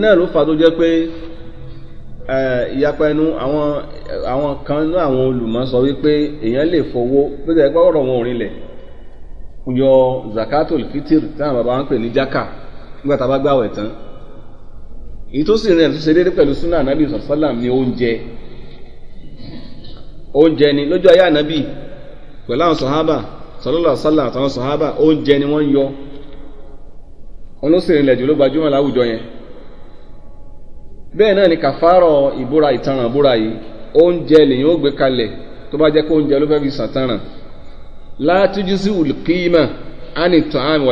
náà ló fà tó jẹ́ pé ìyapa ẹnu àwọn àwọn kan ní àwọn olùmọ̀ sọ wípé èèyàn lè fowó bóyá ẹgbẹ́ ọ̀rọ̀ wọn ò rinlẹ̀ yọ zakato fitir táwọn bàbá wọn pè ní jaka nígbà tá a bá gbàwẹ̀ tán èyí tó sì rìn ẹ̀ tó ṣe déédéé pẹ̀lú sunnah anabi sọ̀rọ̀ ní oúnjẹ oúnjẹ ni lójú ayé anabi pẹ̀lú àwọn sọ̀hábà sọlọ́lá sálà àtàwọn sọ̀hábà oúnjẹ ni wọ́n ń yọ olóṣèlú ilẹ̀jù ló gbajúmọ̀ láwùjọ yẹn bẹ́ẹ̀ náà ni kàfárọ̀ ìbúra ìtanràn búra yìí oúnjẹ lèyìn ó gbé kalẹ̀ tó bá jẹ́ pé oúnjẹ ló fẹ́ fi sàtanràn látújú sí wùlùkìímà ánìtàn àmì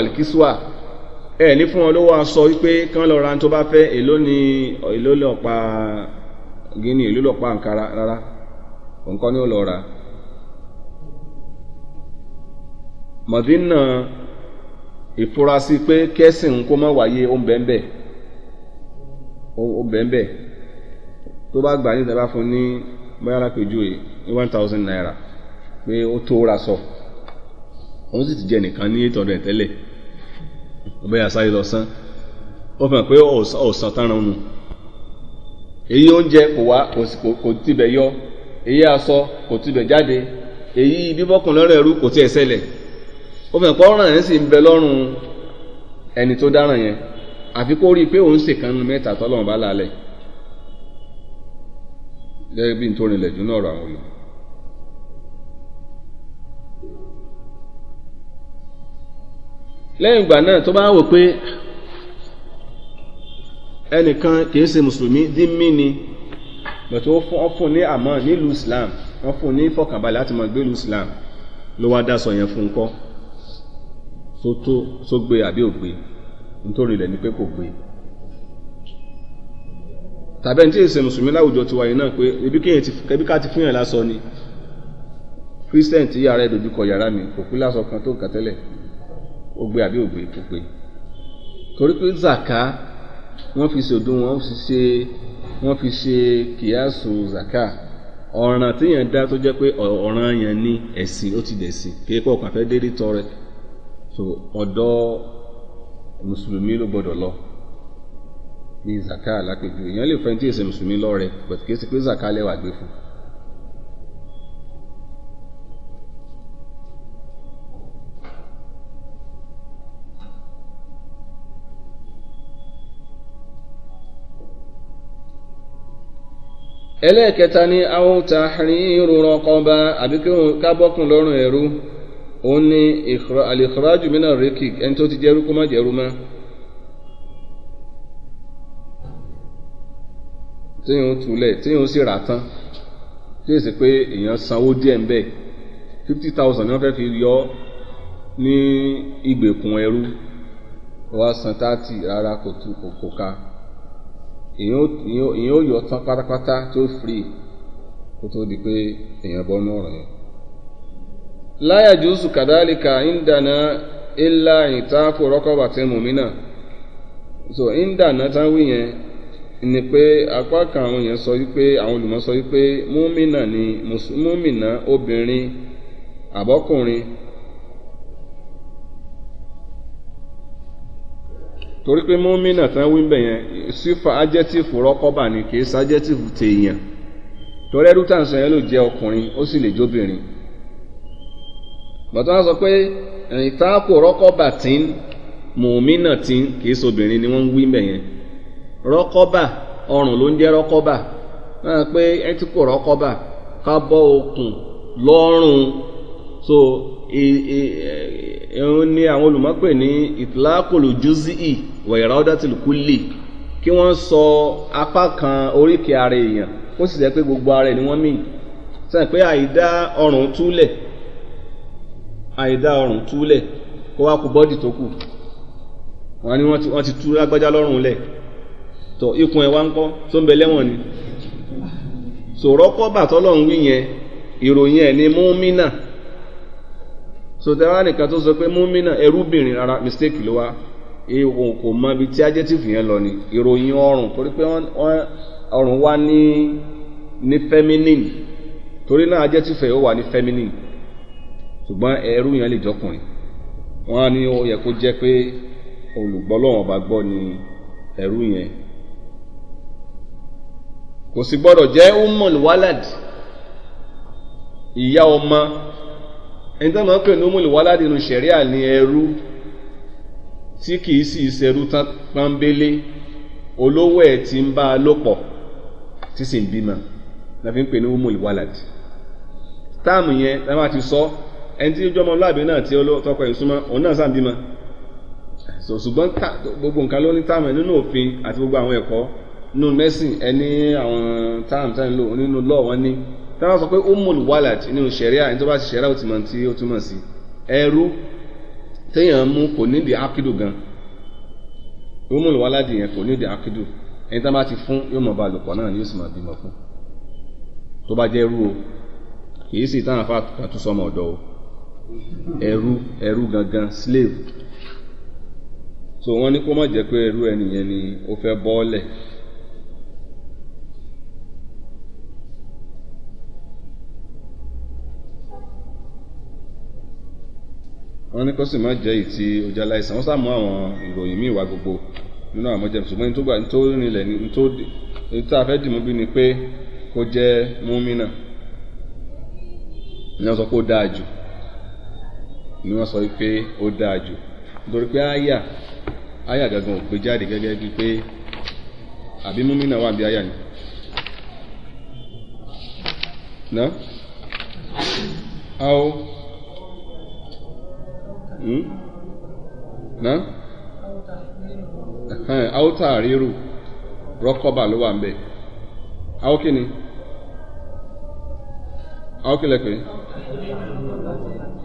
ẹ ní sọ lọ ra tó bá èló nkara rárá mọ̀dínà ìfurasí pé kẹ́sìn kó má wáyé ó ń bẹ́ẹ̀ bẹ́ẹ̀ ó ń bẹ́ẹ̀ bẹ́ẹ̀ tó bá fún ní bóyá yìí naira pé ó tó ra sọ òun sì ti jẹ nìkan ní eight hundred tẹ́lẹ̀ lọ san ó fi pé o tán ràn èyí oúnjẹ kò wá kò tibẹ̀ yọ èyí aṣọ kò tibẹ̀ jáde èyí bíbọ́kùn lọ́rọ̀ ẹ̀rú kò tiẹ̀ ṣẹlẹ̀ ó fẹ́ pọ́ ọ̀ràn yẹn sì ń bẹ lọ́rùn ẹni tó dáràn yẹn àfi kó rí i pé òun ṣèkan nu mẹ́ta tọ́lọ́run bá lálẹ́ gẹ́gẹ́ bí n tó rinlẹ̀ jù náà rọ àwọn olùkọ́. lẹ́yìn ìgbà náà tó bá wò pé ẹnìkan kìí ṣe mùsùlùmí dínmí ni bẹ̀tẹ̀ wọ́n fún ní àmọ́ nílùú Islam wọ́n fún ní fọkànbalẹ̀ láti mọ̀ gbélùú Islam ló wá dá sọ yẹn fún un kọ́ sótó sógbé àbí ògbé nítorí ilẹ̀ ni pé kò gbé tàbí ẹni tí èsè mùsùlùmí láwùjọ ti wáyé náà pé ebi kéèyàn ti kẹbí ká ti fún yàn lásán ni christian tí yàrá ẹ dojúkọ yàrá mi kò pín lásán kan tó nǹkan tẹ́lẹ̀ ó gbé àbí ògbé kò gbé torí pé zaka wọ́n fi ṣòdo wọ́n fi ṣe wọ́n fi ṣe kìyàsù zaka ọ̀ràn téèyàn dá tó jẹ́ pé ọ̀ràn yẹn ní ẹ̀sìn ó ti dẹ̀sìn kí ẹ kàfẹ́ dérí tọrẹ so ọdọ mùsùlùmí ló lọ ní zaka alápèjú èèyàn lè fẹ́ tí èsè mùsùlùmí lọ́rẹ but kì í ṣe pé zaka lẹ́wà gbé fún. ẹlẹ́ẹ̀kẹta ni àwọn tahriru raqaba àbí kí wọ́n ká lọ́rùn ẹ̀rú òun ni àlìkọ́rájù mìíràn rékì ẹni tó ti jẹ́rú kó má jẹ́rú mọ́. téèyàn túlẹ̀ téèyàn sì rà tán tí èsì pé èèyàn sanwó díẹ̀ ń bẹ̀ fifty thousand ni wọ́n fẹ́ fi yọ ní ìgbèkùn ẹrú wọ́n á san thirty rárá kò tu kò ká èèyàn ó yọ tán pátápátá tó free kó tó di pé èèyàn bọ́ nú ọ̀rọ̀ yẹn. لا يجوز كذلك عندنا إلا عتاق رقبة مؤمنة so عندنا تاوي ni pe apá kan àwọn èèyàn sọ wípé àwọn olùmọ sọ wípé múmínà ni múmínà obìnrin àbọ́kùnrin torí pé múmínà tán wí bẹ̀ yẹn sífà ájẹ́tìfù rọ́kọ́bà ni kì í tèèyàn torí ẹrú tàǹsán yẹn ọkùnrin ó sì lè bàtà wọn sọ pé ìtaako rọ́kọ́bà tí ń mùmínà tí ń kì í sobìnrin ni wọ́n ń wí mbẹ̀ yẹn rọ́kọ́bà ọrùn ló ń jẹ́ rọ́kọ́bà náà pé ẹtíkò rọ́kọ́bà ká bọ́ okùn lọ́rùn so ẹ̀hún e, e, e, ni àwọn olùmọ̀pẹ̀ ní ìtìlákòlò júzìí wẹ̀rọ dátìlùkúlì kí wọ́n sọ apá kan oríkèé ara èèyàn ó sì jẹ́ pé gbogbo ara ẹ̀ ni wọ́n mì sẹ́yìn pé àìdá ọrùn túlẹ̀ àìdá ọrùn túlẹ̀ kó wá kú bọ́dì tó kù wọ́n wọ́n ti tú lágbájá lọ́rùn lẹ̀ tó ikùn ẹ̀ ń kọ́ tó ń bẹ lẹ́wọ̀n ni kọ́ bàtọ́ wí yẹn ìròyìn ẹ̀ ni múmínà sọtẹ́wá nìkan tó sọ pé múmínà ẹrúbìnrin rárá mistake ló wá ìwọ̀n kò mọ ibi tí yẹn lọ ni ìròyìn ọrùn torí pé ọrùn wá ní ní torí náà yẹn ṣùgbọ́n ẹrú yẹn lè jọkùnrin wọ́n á ní ó yẹ kó jẹ́ pé olùgbọ́ lọ́wọ́n bá gbọ́ ni ẹrú yẹn kò sì gbọ́dọ̀ jẹ́ umul walad ìyá ọmọ ẹni tó máa ń pè ní umul walad nínú ṣẹ̀ríà ní ẹrú tí kìí sì ṣerú tán pọ́nbélé olówó ẹ̀ ti ń bá a lò pọ̀ tí sì ń bímọ la ń pè ní umul walad táàmù yẹn la máa sọ so, ẹni tí ojú ọmọlúwàbí náà tí tọkọ ìsúnmọ́ òun náà sàn bímọ ṣùgbọ́n gbogbo nǹkan ló ní táàmù nínú òfin àti gbogbo àwọn ẹ̀kọ́ nínú mẹ́sìn ẹni àwọn táàmù táàmù lò nínú lọ́ọ̀ wọn ní táwọn sọ pé umul walad nínú ṣẹ̀ríà ẹni tó bá ṣe ṣẹ̀ríà ó ti mọ̀ tí ó túmọ̀ sí ẹrú téèyàn mú kò nídìí ákídù gan umul walad yẹn kò nídìí ákídù ẹni tá bá ti fún yóò mọ̀ bá lòpọ̀ náà ni yóò sì mọ̀ bímọ fún tó bá jẹ́ rú o kì í sì táwọn afá àtúnṣọmọ ọ̀dọ́ o ẹrú ẹrú gangan slave so wọ́n ní kó má jẹ́ pé ẹrú ẹnìyẹn ni ó fẹ́ bọ́ọ̀lẹ̀. wọ́n ní kó sì má jẹ́ ìtì ọjà láìsàn wọ́n sàmú àwọn ìròyìn míì wá gbogbo nínú àwọn ọmọdé nítorí nítorí tá a bí ni pé kó jẹ́ múmínà ní wọ́n sọ pé ni wọ́n sọ pé ó dáa jù nítorí pé àyà àyà gangan ò gbé jáde gẹ́gẹ́ bíi pé àbí múmínà wà bí àyà ni. ná a hmm? ná a ó tà rọ́kọ́bà ló wà ń bẹ̀ kí ni. àwọn kìlẹ̀ pé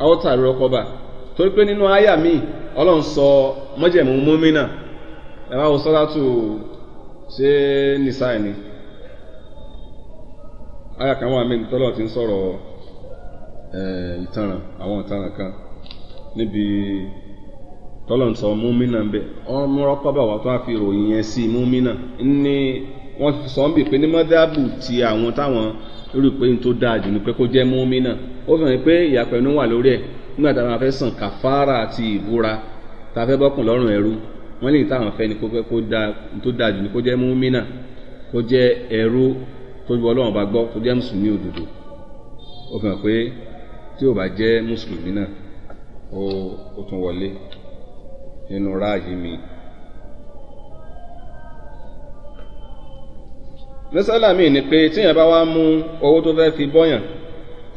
àwọn tààrí bá torí pé nínú àyà míì ọlọ́run sọ mọ́jẹ̀mú mọ́mínà ẹ máa wo sọ́dátù ṣé nìsáì ni àyà kan wà mí tọ́lọ̀ ti ń sọ̀rọ̀ ìtanràn àwọn ìtanràn kan níbi tọ́lọ̀ ń sọ mọ́mínà ń bẹ ọmọ bá wà tó ròyìn wọ́n fi sọ ń pé ní mọ́dábù ti àwọn táwọn lórí pé n tó dáa jù ní pé kó jẹ́ mọ́mí náà ó fi hàn pé ìyàpẹ̀ inú wà lórí ẹ̀ nígbà táwọn afẹ́ sàn kàfárà àti ìbúra tàfẹ́ bọ́kùn lọ́rùn ẹrú wọ́n lè táwọn afẹ́ ni kó fẹ́ kó dáa n tó dáa jù ní kó jẹ́ mọ́mí náà kó jẹ́ ẹrú tó ju ọlọ́run bá gbọ́ tó jẹ́ mùsùlùmí òdodo ó fi hàn pé tí ò bá jẹ́ mùsùlùmí náà ó tún wọlé nínú ráàyè mi. mẹ́sàlá mi ni pé tíyẹn bá wá mú owó tó fẹ́ fi bọ́yàn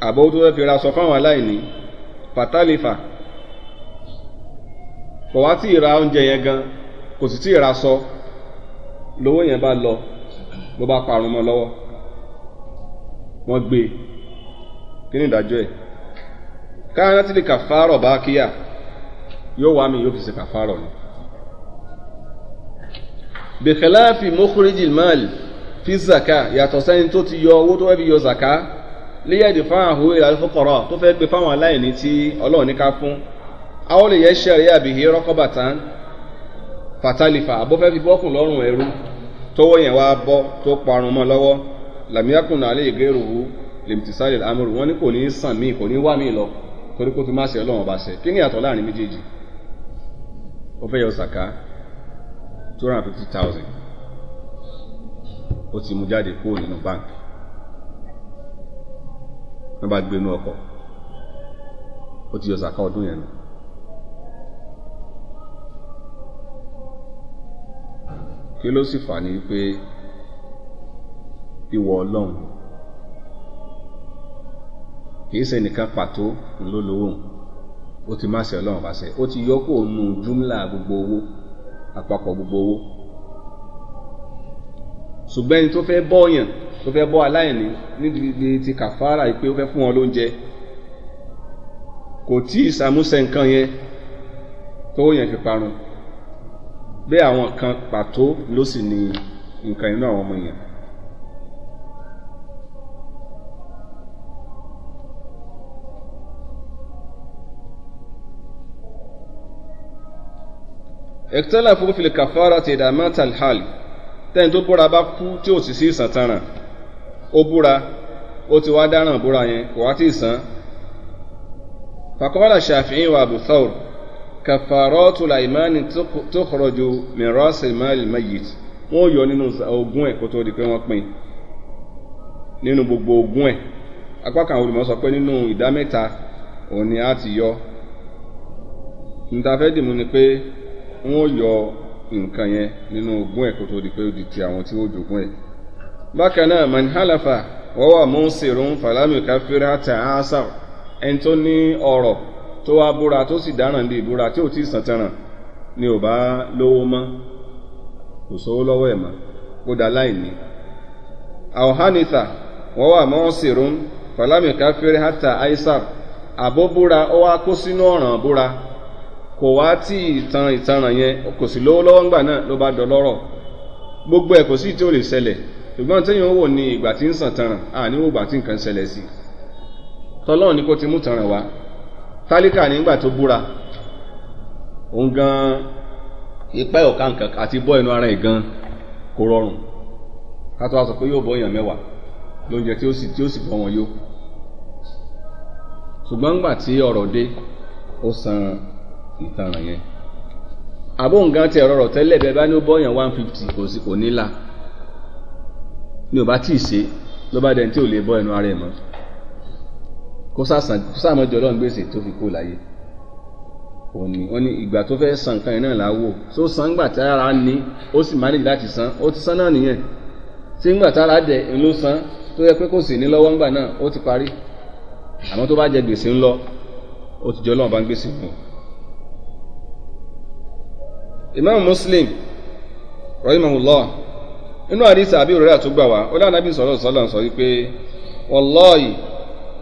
àbọ̀ owó tó fẹ́ fi ra sọ fáwọn aláìní pàtàlífà kò wá tí ì ra oúnjẹ yẹn gan kò sì tí ì ra sọ lówó yẹn bá lọ ló bá parun mọ́ lọ́wọ́ wọ́n gbé e. kí ni ìdájọ́ ẹ̀ káyọ̀ tí lè kàfárọ̀ bá kíyà yóò wá mi yóò fi ṣe kàfárọ̀ ni. bìkẹ́láfì mọ́kúrẹ́jì máàlì fi zaka yàtọ̀ sẹ́ni tó ti yọ owó tó fẹ́ fi yọ zaka léyàdì fún àhó ìlànà fúkọ̀rọ̀ tó fẹ́ gbé fáwọn aláìní tí ọlọ́run ní ká fún àwọn lè yẹ ṣẹ̀rí àbìhí rọ́kọ́bàtà fatalifa àbọ́fẹ́ fi bọ́kùn lọ́rùn ẹ̀rú tọwọ́ yẹn wá bọ́ tó parun mọ́ lọ́wọ́ làmíyàkùn náà lè gé ròhú lèmtìsáyè amúrù wọn ní kò ní sàn mí kò ní wá mí lọ torí kó fi má ṣe ọlọ́run ọba ṣe kí ni yàtọ̀ láàrin méjèèjì ó fẹ́ yọ sàká two hundred and fifty thousand ó ti mú jáde kúrò nínú báńkì wọ́n bá gbénú ọkọ̀ ó ti yọ sàká ọdún yẹn nù. kí ló sì fà ní pé ìwọ ọlọ́run kì í ṣe nìkan pàtó ló lówó ó ti má ṣe ọlọ́run bá ó ti yọ kó nu júmùlà gbogbo owó àpapọ̀ gbogbo owó ṣùgbọ́n ẹni tó fẹ́ bọ́ọ̀yàn tó fẹ́ bọ́ aláìní nídìí ti kàfàrà pé ó fẹ́ fún wọn lóúnjẹ kò tí ì ṣàmúṣe nǹkan yẹn tó yẹn fi parun bẹ́ẹ̀ àwọn kan pàtó ló sì ní nǹkan inú àwọn ọmọ yẹn. اختلفوا في الكفارة إذا مات الحال tẹ́ni tó búra bá kú tí ò sì sí ìsàntaràn ó búra ó ti wá dáràn búra yẹn kò wá tí ì sàn. fàkọ́lá ṣàfihàn wa abu thawr kàfàrọ́tù làìmánì tó kọ̀rọ̀jù mìíràsì máàlì mayit wọ́n yọ nínú ogún ẹ̀ kó tó di pé wọ́n pín nínú gbogbo ogún ẹ̀ apá kan olùmọ̀ sọ pé nínú ìdá mẹ́ta òun ni a ti yọ nítafẹ́ dìmú ni pé wọ́n yọ nǹkan yẹn nínú ogún ẹ̀ kó tó di pé ó di ti àwọn tí ó jogún ẹ bákan náà man wọ́n wà mú sèrún falami káfíra ẹni tó ní ọ̀rọ̀ tó wá búra tó sì dáràn di ìbúra tí ò tí ì ni ò bá lówó mọ́ lọ́wọ́ ẹ̀ mọ́ kó da láìní. wọ́n wà falami káfíra kò wá tí ìtàn ìtanràn yẹn kò sì lówó lọ́wọ́ ńgbà náà ló bá dọlọ́rọ̀ gbogbo ẹ̀ kò sí tí ò lè ṣẹlẹ̀ ṣùgbọ́n téèyàn wò ní ìgbà tí ń sàn tanràn àní wò ìgbà tí nǹkan ṣẹlẹ̀ sí tọ́lọ́run ni kò ti mú tanràn wá tálíkà nígbà tó búra òun gan ipá ọ̀ka nǹkan àti bọ́ ẹnu ara ẹ̀ gan kò rọrùn ká tó wá sọ pé yóò bọ́ èèyàn mẹ́wàá lóúnjẹ tí ó sì tí ó sì bọ́ wọn yó ṣùgbọ́n ńgbà tí ọ̀rọ̀ dé ó san ìtanràn yẹn àbó nǹkan tẹ ọ̀rọ̀ tẹ́lẹ̀ bẹ́ẹ̀ bá ní ó bọ́yàn one fifty kò sí kò ní la ni ò bá tí ṣe ló bá dẹni tí ò lè bọ́ ẹnu ara ẹ̀ mọ́ kó sàsàn kó sàmọ́jọ ọlọ́run gbèsè tó fi kó láyé òní wọn ìgbà tó fẹ́ san nǹkan yẹn náà là á wò tó san gbà tí ara ní ó sì máa ní láti san ó ti san náà nìyẹn tí ń gbà tí ara dẹ̀ ń ló san tó yẹ pé kò sì ní lọ́wọ́ ńgbà náà ó ti parí àmọ́ tó bá jẹ gbèsè ńlọ ó ti jọ ọlọ́run bá ń gbèsè fún un imam muslim rahimahullah inú àdìsí àbí òrẹ́rẹ́ àtúgbà wa ó dáná bí sọ̀rọ̀ sọ́lá sọ wípé wallahi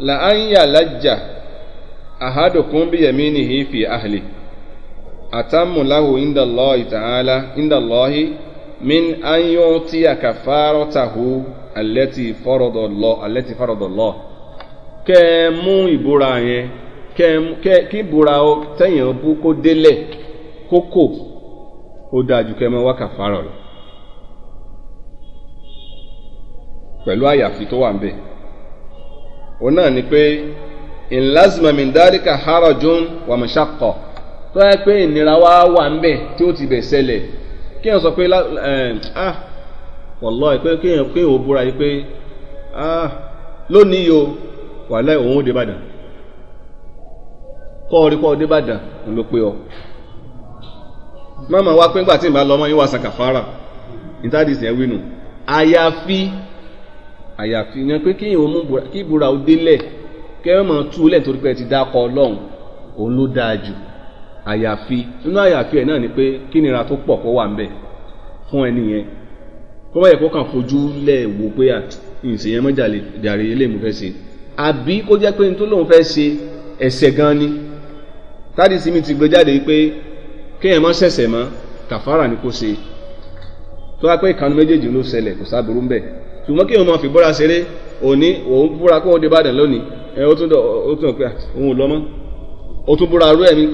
la an yalajja ahadukum bi yaminihi fi ahli atamu lahu inda allahi ta'ala inda allahi min an yu'tiya kafaratahu allati farada allah allati farada allah kẹ́ ẹ mú ìbúra yẹn kẹ́ kí ìbúra tẹ̀yìn bú kó délẹ̀ kókò ó dáa ju kẹ́ mọ́ lọ pẹ̀lú àyàfi tó wà ń bẹ̀ òun náà ni pé ìlàzìmọ̀ mìndárìkà harajun wàmùsàkọ̀ tó yẹ pé ìnira wà ń bẹ̀ tí ó ti bẹ̀ ṣẹlẹ̀ kí sọ pé ah, wọ̀lọ́ pé kí ò búra yìí pé ah, lónìí o òun ó dé bàdàn kọ́ ọ rí ọ dé bàdàn ló pé ọ. mama wá pé ńgbà tí ìbá lọ́mọ yín wá san kàfàrà ìtàdìs yẹn wínú àyàfi àyàfi yẹn pé kí ìhòmù kí ìbúra ó délẹ̀ kẹ́rọ̀mọ̀ túlẹ̀ torí pé ẹ ti dákọ̀ ọlọ́run òun ló dáa jù àyàfi nínú àyàfi ẹ̀ náà ni pé kí nira tó pọ̀ kó wà ń bẹ̀ fún ẹni yẹn kó bá yẹ kó kàn fojú lẹ̀ wò pé ìsìn yẹn mọ́jà lè ilé ìmúfẹ́ ṣe àbí kó jẹ́ pé ní tó lóun fẹ́ ṣe ẹ̀ṣẹ̀ gan ni tádìsí mi ti gbé jáde pé kéèyàn má ṣẹ̀ṣẹ̀ mọ́ kàfàrà ni kò ṣe tó wá pé ìkànnì méjèèjì ló ṣẹlẹ̀ kò sábúrú ń bẹ̀ ṣùgbọ́n kéèyàn máa fi búra ṣeré òní òun búra kó o dé Ìbàdàn lónìí ẹ ó tún pé òun ò lọ mọ́ ó tún búra rú ẹ̀mí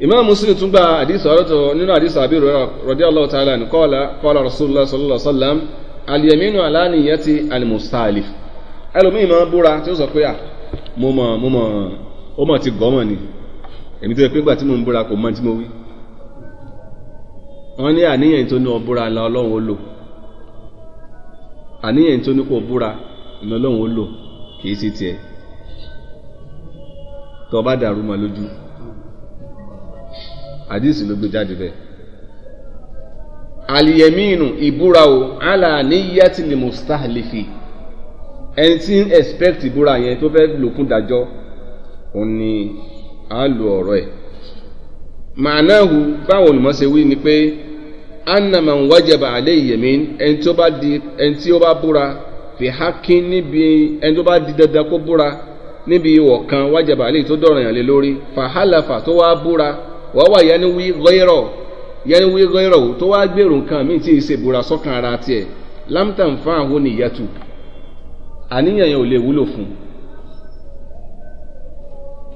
imam muslim tún gba àdìsọ ọlọtọ nínú àdìsọ àbí radiyallahu ta'ala ní qala qala rasulullah sallallahu alaihi wasallam al-yaminu ala niyyati al-mustalif ẹlòmíì máa búra tí ó sọ pé à mo mọ̀ mo mọ̀ ó mọ̀ ti gọ́mọ̀ ni èmi tó yẹ pé gbà tí mo ń búra kò mọ̀ tí mo wí wọ́n ní àníyàn tó ní ọbúra la ọlọ́run ó lò àníyàn tó ní kó búra ní ọlọ́run ó lò kì í sí tiẹ̀ tó bá dàrú mọ́ lójú àdìsí ló gbé jáde bẹ́ẹ̀ àlìyẹ̀mínú ìbúra o àlà níyàtì lè mustahlifi ẹni tí ń expect ìbúra yẹn tó fẹ́ lòkun dájọ́ òun ni a lo ọ̀rọ̀ ẹ̀ màánáhu báwo ni mo ṣe wí ni pé anna man wájaba àlẹ́yẹ̀mín ẹni tó bá di ẹni tí ó bá búra fi hákín níbi ẹni tó bá di dandan kó búra níbi ìwọ̀ kan wájaba àlẹ́yìn tó dọ̀rọ̀ yàn lé lórí fàhálàfà tó wá búra wọ́n wà yanuwi gọ́yọ̀rọ̀ yanuwi gọ́yọ̀rọ̀ tó wá gbèrò nǹkan míì tí ì ṣe bùra sọ́kàn ara tiẹ̀ lamtan fa àwọn oníyàtù àníyàn yẹn ò lè wúlò fún un.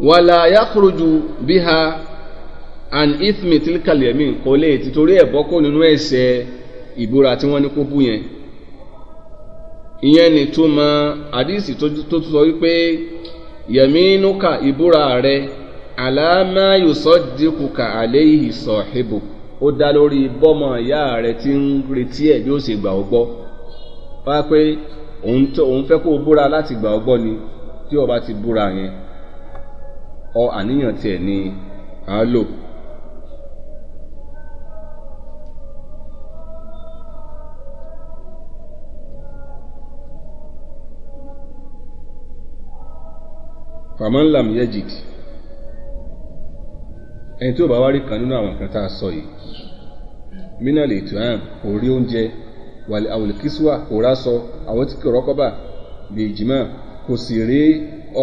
wàlà yakuruju ha an ithmi tilkal yamin kò lè tìtorí ẹ̀ bọ́kọ́ nínú ẹ̀ṣẹ̀ ìbúra tí wọ́n ní kó bú yẹn ìyẹn ni tó mọ àdìsí tó tó sọ wípé yẹmínúkà ìbúra rẹ àlàámá yusaddiquka alayhi sahibuk ó dá lórí bọ́mọ ìyá rẹ̀ tí ń retí ẹ̀ bí ó ṣe gbà ọ́ gbọ́ wá pé òun fẹ́ kó o búra láti gbà ọ́ gbọ́ ni tí o ti búra yẹn ọ àníyàn tiẹ̀ ni à á lò. faman lam yajid ẹni tí ó bá wá rí kan nínú àwọn nǹkan tá a sọ yìí mina lè tó hàn kò rí oúnjẹ wàlẹ̀ àwòlẹ̀kísùwà kò rásọ àwọn tí kò rọ́kọ́bà lè jìmọ̀ kò sì rí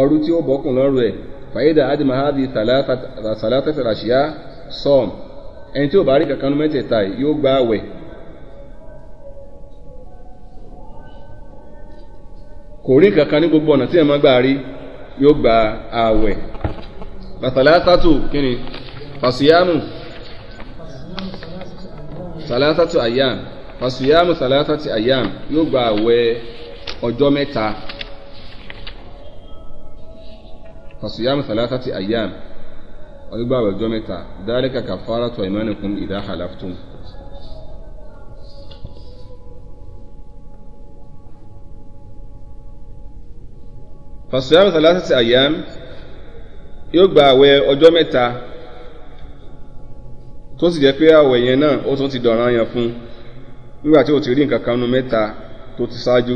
ọrú tí ó bọ́kùn lọ́rùn ẹ̀ fàyídà adìmọ̀ hádi sọ́ọ̀m ẹni tí ó bá rí kankan mẹ́tẹ̀ẹ̀ta yóò gbogbo ọ̀nà tí ẹ̀ máa gbà rí yóò àwẹ̀ fasiyamu salatatu ayam fasiyamu salatatu ayam yóò gba àwẹ̀ ọjọ́ mẹ́ta fasiyamu salatatu ayam yóò gba àwẹ̀ ọjọ́ mẹ́ta dhalika kafaratu aymanikum idha halaftum. fasiyamu salatatu ayam yóò gba àwẹ̀ ọjọ́ mẹ́ta tó sì jẹ́ pé àwẹ̀ yẹn náà ó tún ti dọ̀ranyàn fún nígbà tí ò ti rí nǹkan kan nu mẹ́ta tó ti ṣáájú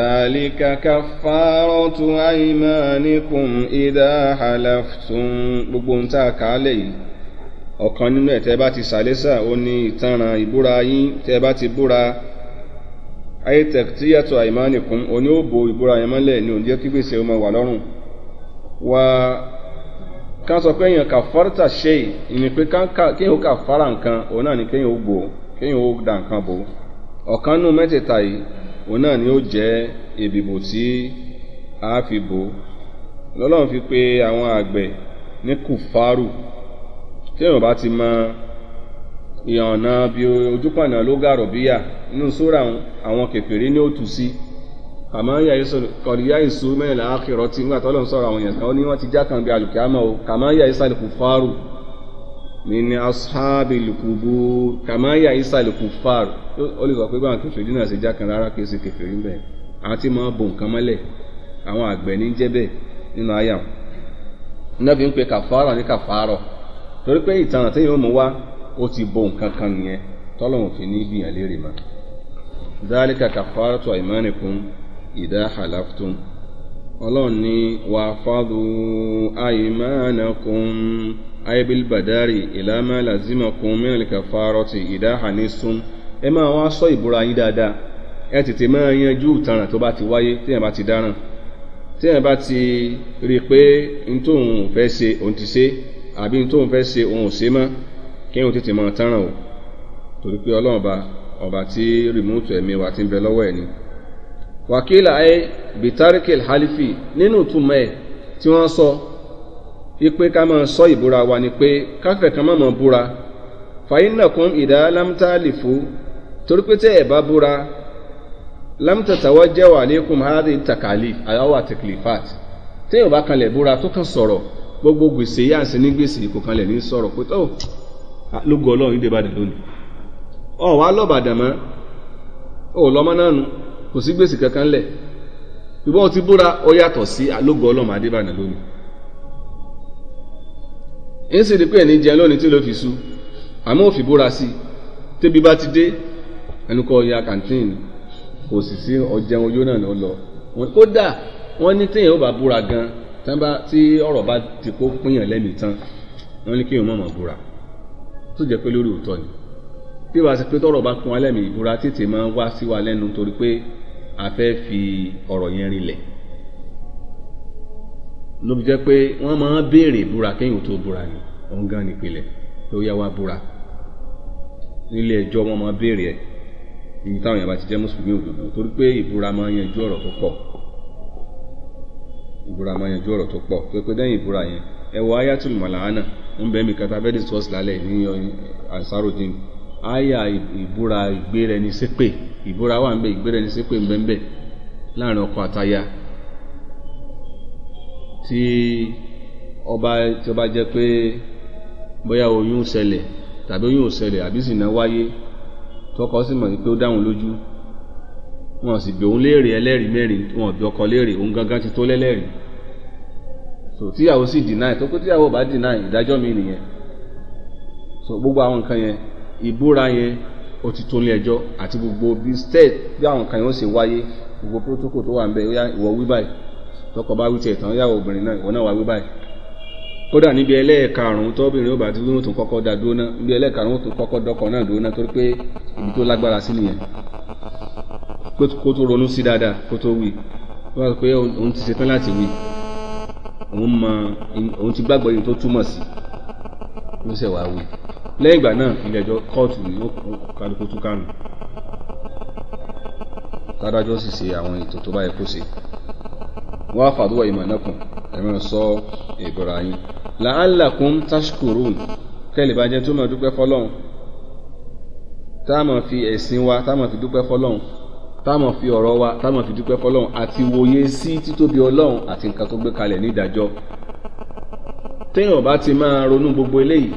ذلك كفارة أيمانكم إذا حلفتم gbogbo ń tà yìí ọ̀kan nínú ẹ̀ tẹ́ bá ti ó ní ìtanràn ìbúra yín tẹ́ ti búra ayetech tí yàtọ̀ àìmánìkún ó ní ó bo ìbúra yẹn ní ọmọ wà wà ká sọ pé èèyàn kàfárítà ṣe ìní pé kéèyàn ó kàfárà nǹkan òun náà ni kéèyàn ó kéèyàn òun náà ni ó jẹ́ èbìbò tí a fi bò lọ́lọ́run fi pe àwọn àgbẹ̀ ní kùfárù tí èèyàn bá ti mọ ìyànà bí ojúpànà ló gàrò bíyà nínú sóra àwọn kẹfìrí ní òtù sí àmọ́ kọ̀díyá ìṣú mẹ́rìnlá àkìrọ̀ tí nígbà tọ́lọ́ ń sọ̀rọ̀ àwọn èèyàn kan ó ní wọ́n ti já kan bí alùkìámọ̀ o kàmọ́ yà ìsàlẹ̀ kùfárù min ashabil kubur kàmọ́ yà ìsàlẹ̀ kùfárù ó lè sọ pé báwọn kẹfìrí náà ṣe já kan rárá kì í ṣe kẹfìrí ń bẹ̀ àwọn tí máa bo nǹkan mọ́lẹ̀ àwọn àgbẹ̀ ní jẹ́ nínú àyà wọn. iná fi ń pe kàfàrọ̀ ní kàfàrọ̀ torí pé ìtànà téèyàn ó mú wá ó ti bo nǹkan kan nìyẹn tọ́lọ́hùn fi ní bìyàn léèrè mọ́. dhalika kàfàrọ̀tù àìmánìkún ìdá halaftum ọlọ́run ní wà fádù àìmánàkùn ayébílbàdárì ìlàmà làzímàkùn mìíràn kàfàrọ̀tì ìdá hanistum ẹ máa wá sọ ìbúra yín dáadáa ẹ tètè máa yanjú ìtanràn tó bá ti wáyé téèyàn bá ti dáràn téèyàn bá ti rí i pé n tóun fẹ́ ṣe òun ti ṣe àbí n tóun fẹ́ ṣe òun ò ṣe mọ́ kí òun tètè máa tanràn o torí pé ọlọ́run ọba ọba tí rìmúùtù ẹ̀mí wa ti ń bẹ lọ́wọ́ ẹ̀ ni. wàkílà ẹ bitarikil halifi nínú ìtumọ̀ ẹ̀ tí wọ́n sọ wípé ká máa sọ ìbúra wa ni pé káfẹ́ kan máa máa búra fàyínà kún ìdá lámtálìfù torí pé tẹ́ ẹ̀ bá búra wa jẹ́ takali àyàwó taklifat tẹ́ ẹ̀ kan le búra tó kàn gbogbo gbese yá sí ní ni soro kanlẹ̀ ní sọ̀rọ̀ pé tó oh, lógo ọlọ́run yìí loni lónìí ọ̀ wá lọ́bàdàn mọ́ ọ̀ lọ́mọ náà nu kankan le ti si fi ẹnu kọ́ ya kantin kò sì sí ọjẹun oyó náà lọ lọ kódà wọ́n ní téèyàn ó bá búra gan tí ọ̀rọ̀ bá ti kó pínyàn lẹ́mìí tán wọ́n ní kéèyàn mọ̀mọ́ búra tó jẹ́ pé lórí òótọ́ ni bí wàá ṣe pé tọ́rọ̀ bá kún wa lẹ́mìí ìbúra tètè máa ń wá sí wa lẹ́nu torí pé a fẹ́ fi ọ̀rọ̀ yẹn rinlẹ̀ ló fi jẹ́ pé wọ́n máa ń béèrè búra kéèyàn tó búra ni òun nípìnlẹ̀ tó yá wa búra nílé ẹjọ́ wọ́n máa béèrè ẹ̀ ibi táwọn èèyàn bá ti jẹ́ mùsùlùmí òdodo torí pé ìbúra máa ń yanjú ọ̀rọ̀ tó pọ̀ ìbúra máa ń yanjú ọ̀rọ̀ tó pọ̀ pé pé lẹ́yìn ìbúra yẹn ẹ wọ ayatul malana ń bẹ́ẹ̀ mi kata fẹ́ discuss lálẹ́ ní ansarudin aya ìbúra ìgbéra ẹni ìbúra wà ń bẹ ìgbéra ọba tí ọba jẹ́ pé bóyá tọkọ sì mọ̀ pé ó dáhùn lójú wọn sì bí òun léèrè ẹlẹ́rìí mẹ́rin wọn bí ọkọ léèrè òun gangan ti tó lẹ́lẹ́rìí so tíyàwó sì deny tó kó tíyàwó bá deny ìdájọ́ mi nìyẹn so gbogbo àwọn nǹkan yẹn ìbúra yẹn ó ti tó lé ẹjọ́ àti gbogbo bí state bí àwọn nǹkan yẹn ó sì wáyé gbogbo protocol tó wà ń bẹ ìwọ wí báyìí tọkọ bá wí tiẹ̀ tán yàwó obìnrin náà ìwọ náà wá wí báyìí kódà níbi ẹlẹ́ẹ̀karùn-ún tọ́bìnrin ó bá ti kọ́kọ́ da dúró náà níbi ẹlẹ́ẹ̀karùn-ún ó tó kọ́kọ́ dọ́kọ̀ náà dúró náà torí pé ibi tó lágbára sí nìyẹn kó tó ronú sí dáadáa kó tó wí wọ́n wá pé òun ti ṣetán láti wí òun ti gbàgbọ́ yìí tó túmọ̀ sí ló wá wí lẹ́yìn náà kóòtù ni la'allakum tashkurun kẹ́lẹ̀ bá jẹ́ tó máa dúpẹ́ fọlọ́hún tá a máa fi ẹ̀sìn wa tá a máa fi dúpẹ́ fọlọ́hún tá a máa fi ọ̀rọ̀ wa tá a máa fi dúpẹ́ fọlọ́hún àti wòye sí títóbi ọlọ́hún àti nǹkan tó gbé kalẹ̀ ní ìdájọ́ téèyàn bá ti máa ronú gbogbo eléyìí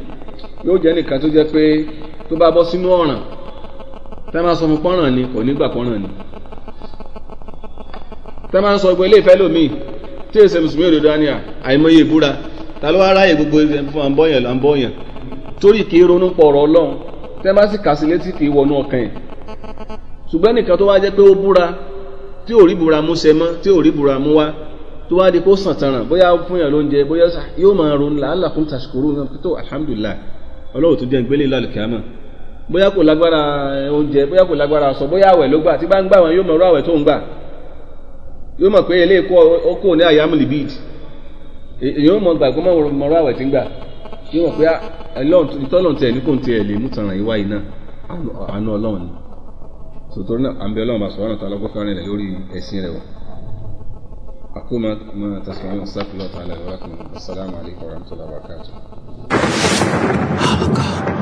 yóò jẹ́ nìkan tó jẹ́ pé tó bá bọ́ sínú ọ̀ràn tá máa sọ fún pọ́nrán ni kò ní gbà pọ́nrán ni tá máa sọ gbogbo eléyìí fẹ́ lómi tí èsè mùsùlùmí òdodo á à àìmọye ìbúra ta ló wá ráyè gbogbo ẹsẹ̀ fún àbọ̀yàn làbọ̀yàn torí kì í ronú pọ̀rọ̀ ọlọ́run tẹ́ bá sì kà sí létí kì í wọnú ọkàn yẹn ṣùgbọ́n nìkan tó wá jẹ́ pé ó búra tí ò rí búra mú ṣe mọ́ tí ò rí búra mú wá tó wá di kó sàn tanràn bóyá fún yàn lóúnjẹ bóyá yóò máa ronú làálà fún tàṣkúrú náà tó alhamdulillah ọlọ́run tó jẹ́ ìgbélé lálẹ́ kíámà bóyá kò lágbára eh, oúnjẹ bóyá kò lágbára aṣọ bóyá àwẹ̀ ló gbà tí bá ń gbà wọn yóò mọ̀ rú àwẹ̀ tó ń gbà yóò mọ̀ pé eléyìí kó ní àyàmù libid èyàn mọ gbà kó má mọ̀rọ̀ àwẹ̀ tí ń gbà yóò mọ̀ pé ìtọ́lọ̀ tiẹ̀ ní kò tiẹ̀ lè mú tànràn yìí wáyé náà àánú ọlọ́run ni sòtòrí náà àmì ọlọ́run bá sọ̀rọ̀ náà tó alọ́gbọ́n fẹ́ràn rẹ̀ lórí ẹ̀sìn rẹ̀ wọ̀ àkó máa tẹ̀sán náà sáfìlọ́ọ̀tà alẹ́ wọ́n lákùnrin assalamu alaikum warahmatullahi wabarakatuh.